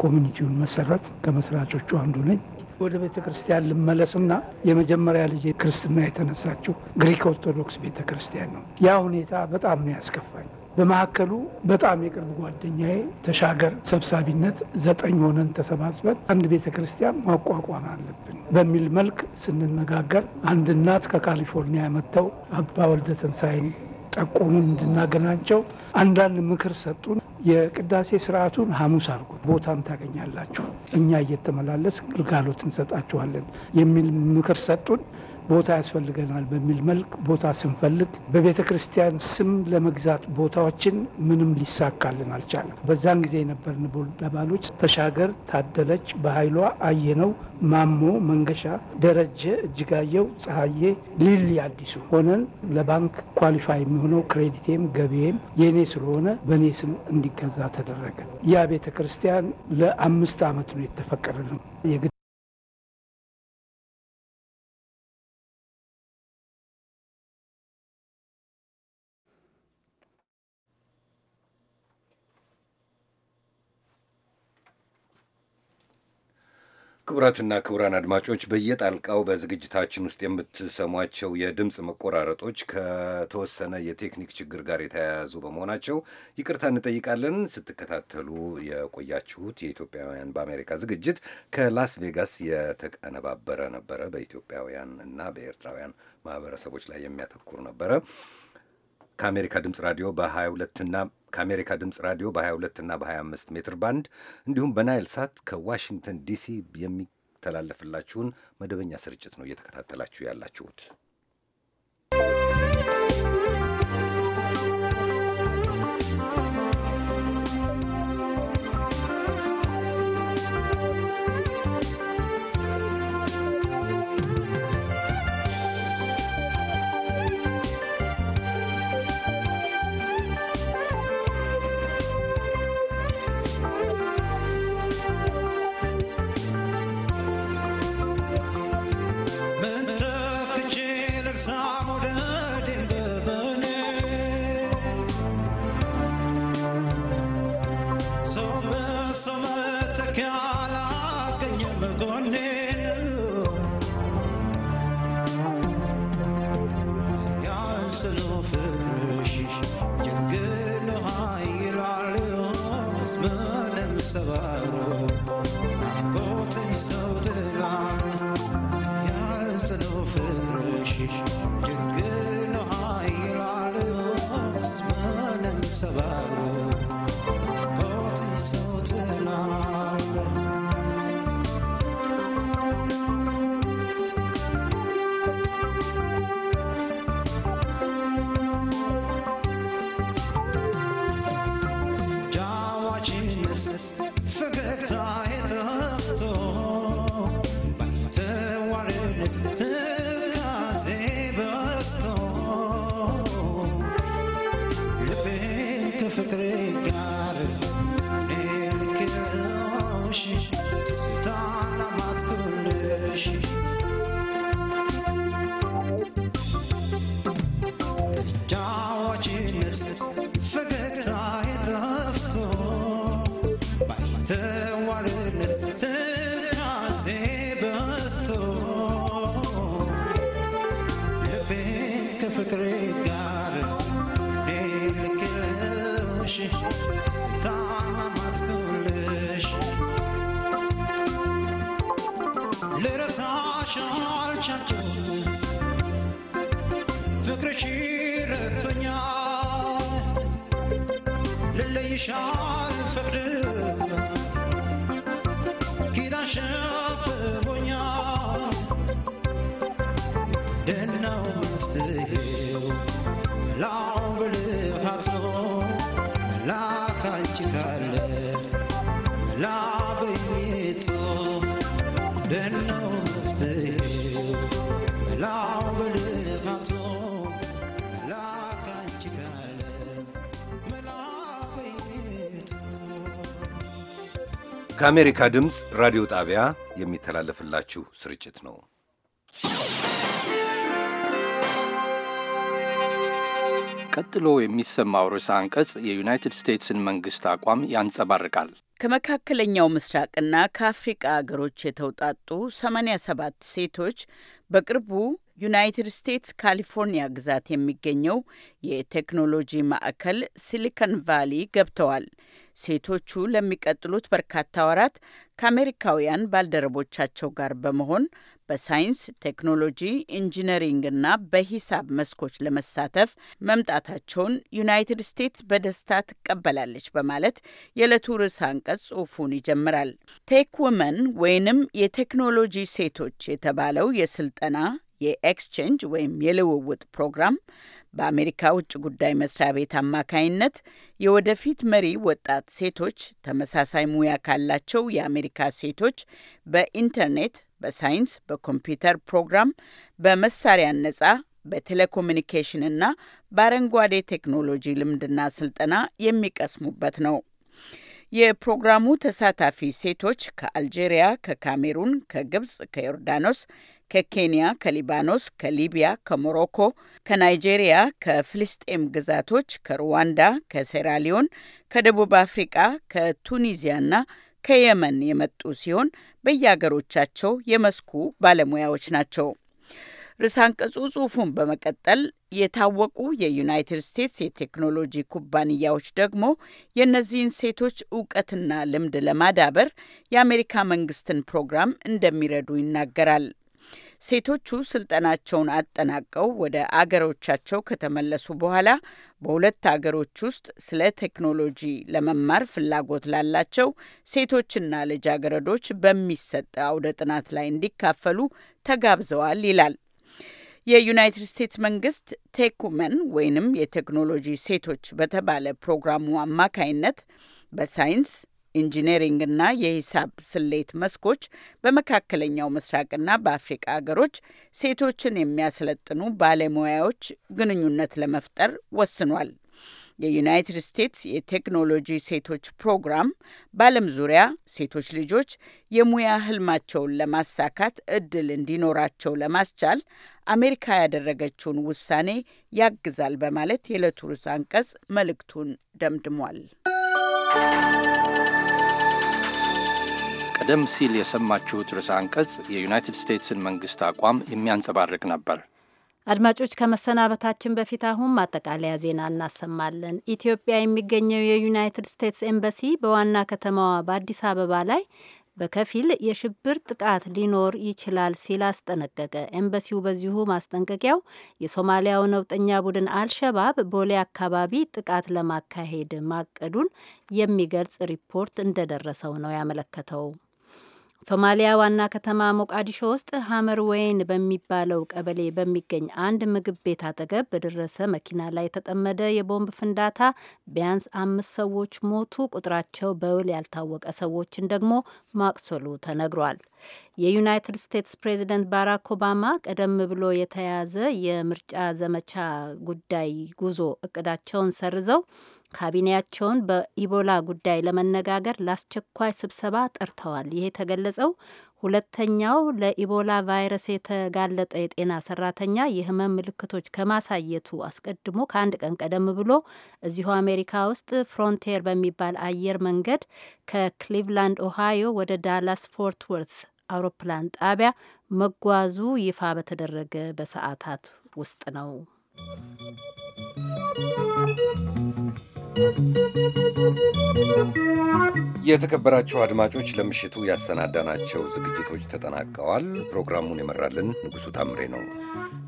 ኮሚኒቲውን መሰረት ከመስራቾቹ አንዱ ነኝ። ወደ ቤተ ክርስቲያን ልመለስና የመጀመሪያ ልጅ ክርስትና የተነሳችው ግሪክ ኦርቶዶክስ ቤተ ክርስቲያን ነው። ያ ሁኔታ በጣም ነው ያስከፋኝ። በመካከሉ በጣም የቅርብ ጓደኛዬ ተሻገር ሰብሳቢነት ዘጠኝ ሆነን ተሰባስበን አንድ ቤተ ክርስቲያን ማቋቋም አለብን በሚል መልክ ስንነጋገር አንድ እናት ከካሊፎርኒያ መጥተው አባ ወልደ ትንሳኤን ጠቆሙን እንድናገናቸው አንዳንድ ምክር ሰጡን። የቅዳሴ ስርዓቱን ሐሙስ አድርጉ ቦታም ታገኛላችሁ፣ እኛ እየተመላለስ ግልጋሎት እንሰጣችኋለን የሚል ምክር ሰጡን። ቦታ ያስፈልገናል በሚል መልክ ቦታ ስንፈልግ በቤተ ክርስቲያን ስም ለመግዛት ቦታዎችን ምንም ሊሳካልን አልቻለም። በዛን ጊዜ የነበርን ለባሎች ተሻገር፣ ታደለች፣ በኃይሏ አየነው፣ ማሞ መንገሻ፣ ደረጀ እጅጋየው፣ ፀሐዬ፣ ሊሊ አዲሱ ሆነን ለባንክ ኳሊፋይ የሚሆነው ክሬዲቴም ገቢዬም የእኔ ስለሆነ በእኔ ስም እንዲገዛ ተደረገ። ያ ቤተ ክርስቲያን ለአምስት ዓመት ነው የተፈቀደልን። ክቡራትና ክቡራን አድማጮች በየጣልቃው በዝግጅታችን ውስጥ የምትሰሟቸው የድምፅ መቆራረጦች ከተወሰነ የቴክኒክ ችግር ጋር የተያያዙ በመሆናቸው ይቅርታ እንጠይቃለን። ስትከታተሉ የቆያችሁት የኢትዮጵያውያን በአሜሪካ ዝግጅት ከላስ ቬጋስ የተቀነባበረ ነበረ። በኢትዮጵያውያን እና በኤርትራውያን ማህበረሰቦች ላይ የሚያተኩር ነበረ። ከአሜሪካ ድምፅ ራዲዮ በ 22 እና ከአሜሪካ ድምፅ ራዲዮ በ22 እና በ25 ሜትር ባንድ እንዲሁም በናይል ሳት ከዋሽንግተን ዲሲ የሚተላለፍላችሁን መደበኛ ስርጭት ነው እየተከታተላችሁ ያላችሁት። passion. ከአሜሪካ ድምፅ ራዲዮ ጣቢያ የሚተላለፍላችሁ ስርጭት ነው። ቀጥሎ የሚሰማው ርዕሰ አንቀጽ የዩናይትድ ስቴትስን መንግስት አቋም ያንጸባርቃል። ከመካከለኛው ምስራቅና ከአፍሪቃ አገሮች የተውጣጡ 87 ሴቶች በቅርቡ ዩናይትድ ስቴትስ ካሊፎርኒያ ግዛት የሚገኘው የቴክኖሎጂ ማዕከል ሲሊከን ቫሊ ገብተዋል። ሴቶቹ ለሚቀጥሉት በርካታ ወራት ከአሜሪካውያን ባልደረቦቻቸው ጋር በመሆን በሳይንስ፣ ቴክኖሎጂ፣ ኢንጂነሪንግ እና በሂሳብ መስኮች ለመሳተፍ መምጣታቸውን ዩናይትድ ስቴትስ በደስታ ትቀበላለች በማለት የዕለቱ ርዕስ አንቀጽ ጽሑፉን ይጀምራል። ቴክ ውመን ወይንም የቴክኖሎጂ ሴቶች የተባለው የስልጠና የኤክስቼንጅ ወይም የልውውጥ ፕሮግራም በአሜሪካ ውጭ ጉዳይ መስሪያ ቤት አማካይነት የወደፊት መሪ ወጣት ሴቶች ተመሳሳይ ሙያ ካላቸው የአሜሪካ ሴቶች በኢንተርኔት፣ በሳይንስ፣ በኮምፒውተር ፕሮግራም፣ በመሳሪያ ነጻ፣ እና በአረንጓዴ ቴክኖሎጂ ልምድና ስልጠና የሚቀስሙበት ነው። የፕሮግራሙ ተሳታፊ ሴቶች ከአልጄሪያ፣ ከካሜሩን፣ ከግብፅ፣ ከዮርዳኖስ፣ ከኬንያ፣ ከሊባኖስ፣ ከሊቢያ፣ ከሞሮኮ፣ ከናይጄሪያ፣ ከፍልስጤም ግዛቶች፣ ከሩዋንዳ፣ ከሴራሊዮን፣ ከደቡብ አፍሪቃ፣ ከቱኒዚያና ከየመን የመጡ ሲሆን በየአገሮቻቸው የመስኩ ባለሙያዎች ናቸው። ርዕሰ አንቀጹ ጽሑፉን በመቀጠል የታወቁ የዩናይትድ ስቴትስ የቴክኖሎጂ ኩባንያዎች ደግሞ የእነዚህን ሴቶች እውቀትና ልምድ ለማዳበር የአሜሪካ መንግስትን ፕሮግራም እንደሚረዱ ይናገራል። ሴቶቹ ስልጠናቸውን አጠናቀው ወደ አገሮቻቸው ከተመለሱ በኋላ በሁለት አገሮች ውስጥ ስለ ቴክኖሎጂ ለመማር ፍላጎት ላላቸው ሴቶችና ልጃገረዶች በሚሰጥ አውደ ጥናት ላይ እንዲካፈሉ ተጋብዘዋል ይላል። የዩናይትድ ስቴትስ መንግስት ቴኩመን ወይንም የቴክኖሎጂ ሴቶች በተባለ ፕሮግራሙ አማካይነት በሳይንስ ኢንጂነሪንግና የሂሳብ ስሌት መስኮች በመካከለኛው ምስራቅና በአፍሪቃ አገሮች ሴቶችን የሚያሰለጥኑ ባለሙያዎች ግንኙነት ለመፍጠር ወስኗል። የዩናይትድ ስቴትስ የቴክኖሎጂ ሴቶች ፕሮግራም በዓለም ዙሪያ ሴቶች ልጆች የሙያ ህልማቸውን ለማሳካት እድል እንዲኖራቸው ለማስቻል አሜሪካ ያደረገችውን ውሳኔ ያግዛል በማለት የዕለቱ ርዕሰ አንቀጽ መልእክቱን ደምድሟል። ቀደም ሲል የሰማችሁት ርዕሰ አንቀጽ የዩናይትድ ስቴትስን መንግስት አቋም የሚያንጸባርቅ ነበር። አድማጮች ከመሰናበታችን በፊት አሁን ማጠቃለያ ዜና እናሰማለን። ኢትዮጵያ የሚገኘው የዩናይትድ ስቴትስ ኤምባሲ በዋና ከተማዋ በአዲስ አበባ ላይ በከፊል የሽብር ጥቃት ሊኖር ይችላል ሲል አስጠነቀቀ። ኤምባሲው በዚሁ ማስጠንቀቂያው የሶማሊያው ነውጠኛ ቡድን አልሸባብ ቦሌ አካባቢ ጥቃት ለማካሄድ ማቀዱን የሚገልጽ ሪፖርት እንደደረሰው ነው ያመለከተው። ሶማሊያ ዋና ከተማ ሞቃዲሾ ውስጥ ሀመር ወይን በሚባለው ቀበሌ በሚገኝ አንድ ምግብ ቤት አጠገብ በደረሰ መኪና ላይ የተጠመደ የቦምብ ፍንዳታ ቢያንስ አምስት ሰዎች ሞቱ፣ ቁጥራቸው በውል ያልታወቀ ሰዎችን ደግሞ ማቁሰሉ ተነግሯል። የዩናይትድ ስቴትስ ፕሬዚደንት ባራክ ኦባማ ቀደም ብሎ የተያዘ የምርጫ ዘመቻ ጉዳይ ጉዞ እቅዳቸውን ሰርዘው ካቢኔያቸውን በኢቦላ ጉዳይ ለመነጋገር ለአስቸኳይ ስብሰባ ጠርተዋል። ይሄ የተገለጸው ሁለተኛው ለኢቦላ ቫይረስ የተጋለጠ የጤና ሰራተኛ የህመም ምልክቶች ከማሳየቱ አስቀድሞ ከአንድ ቀን ቀደም ብሎ እዚሁ አሜሪካ ውስጥ ፍሮንቴር በሚባል አየር መንገድ ከክሊቭላንድ ኦሃዮ ወደ ዳላስ ፎርት ወርት አውሮፕላን ጣቢያ መጓዙ ይፋ በተደረገ በሰዓታት ውስጥ ነው። የተከበራቸው አድማጮች ለምሽቱ ያሰናዳናቸው ዝግጅቶች ተጠናቀዋል። ፕሮግራሙን የመራልን ንጉሱ ታምሬ ነው።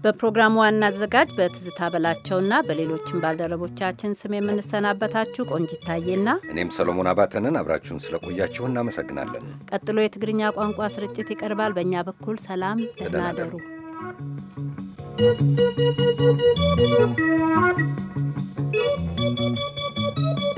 በፕሮግራሙ ዋና አዘጋጅ በትዝታ በላቸውና በሌሎችም ባልደረቦቻችን ስም የምንሰናበታችሁ ቆንጅ ይታየና እኔም ሰሎሞን አባተንን አብራችሁን ስለቆያችሁ እናመሰግናለን። ቀጥሎ የትግርኛ ቋንቋ ስርጭት ይቀርባል። በእኛ በኩል ሰላም፣ ደህና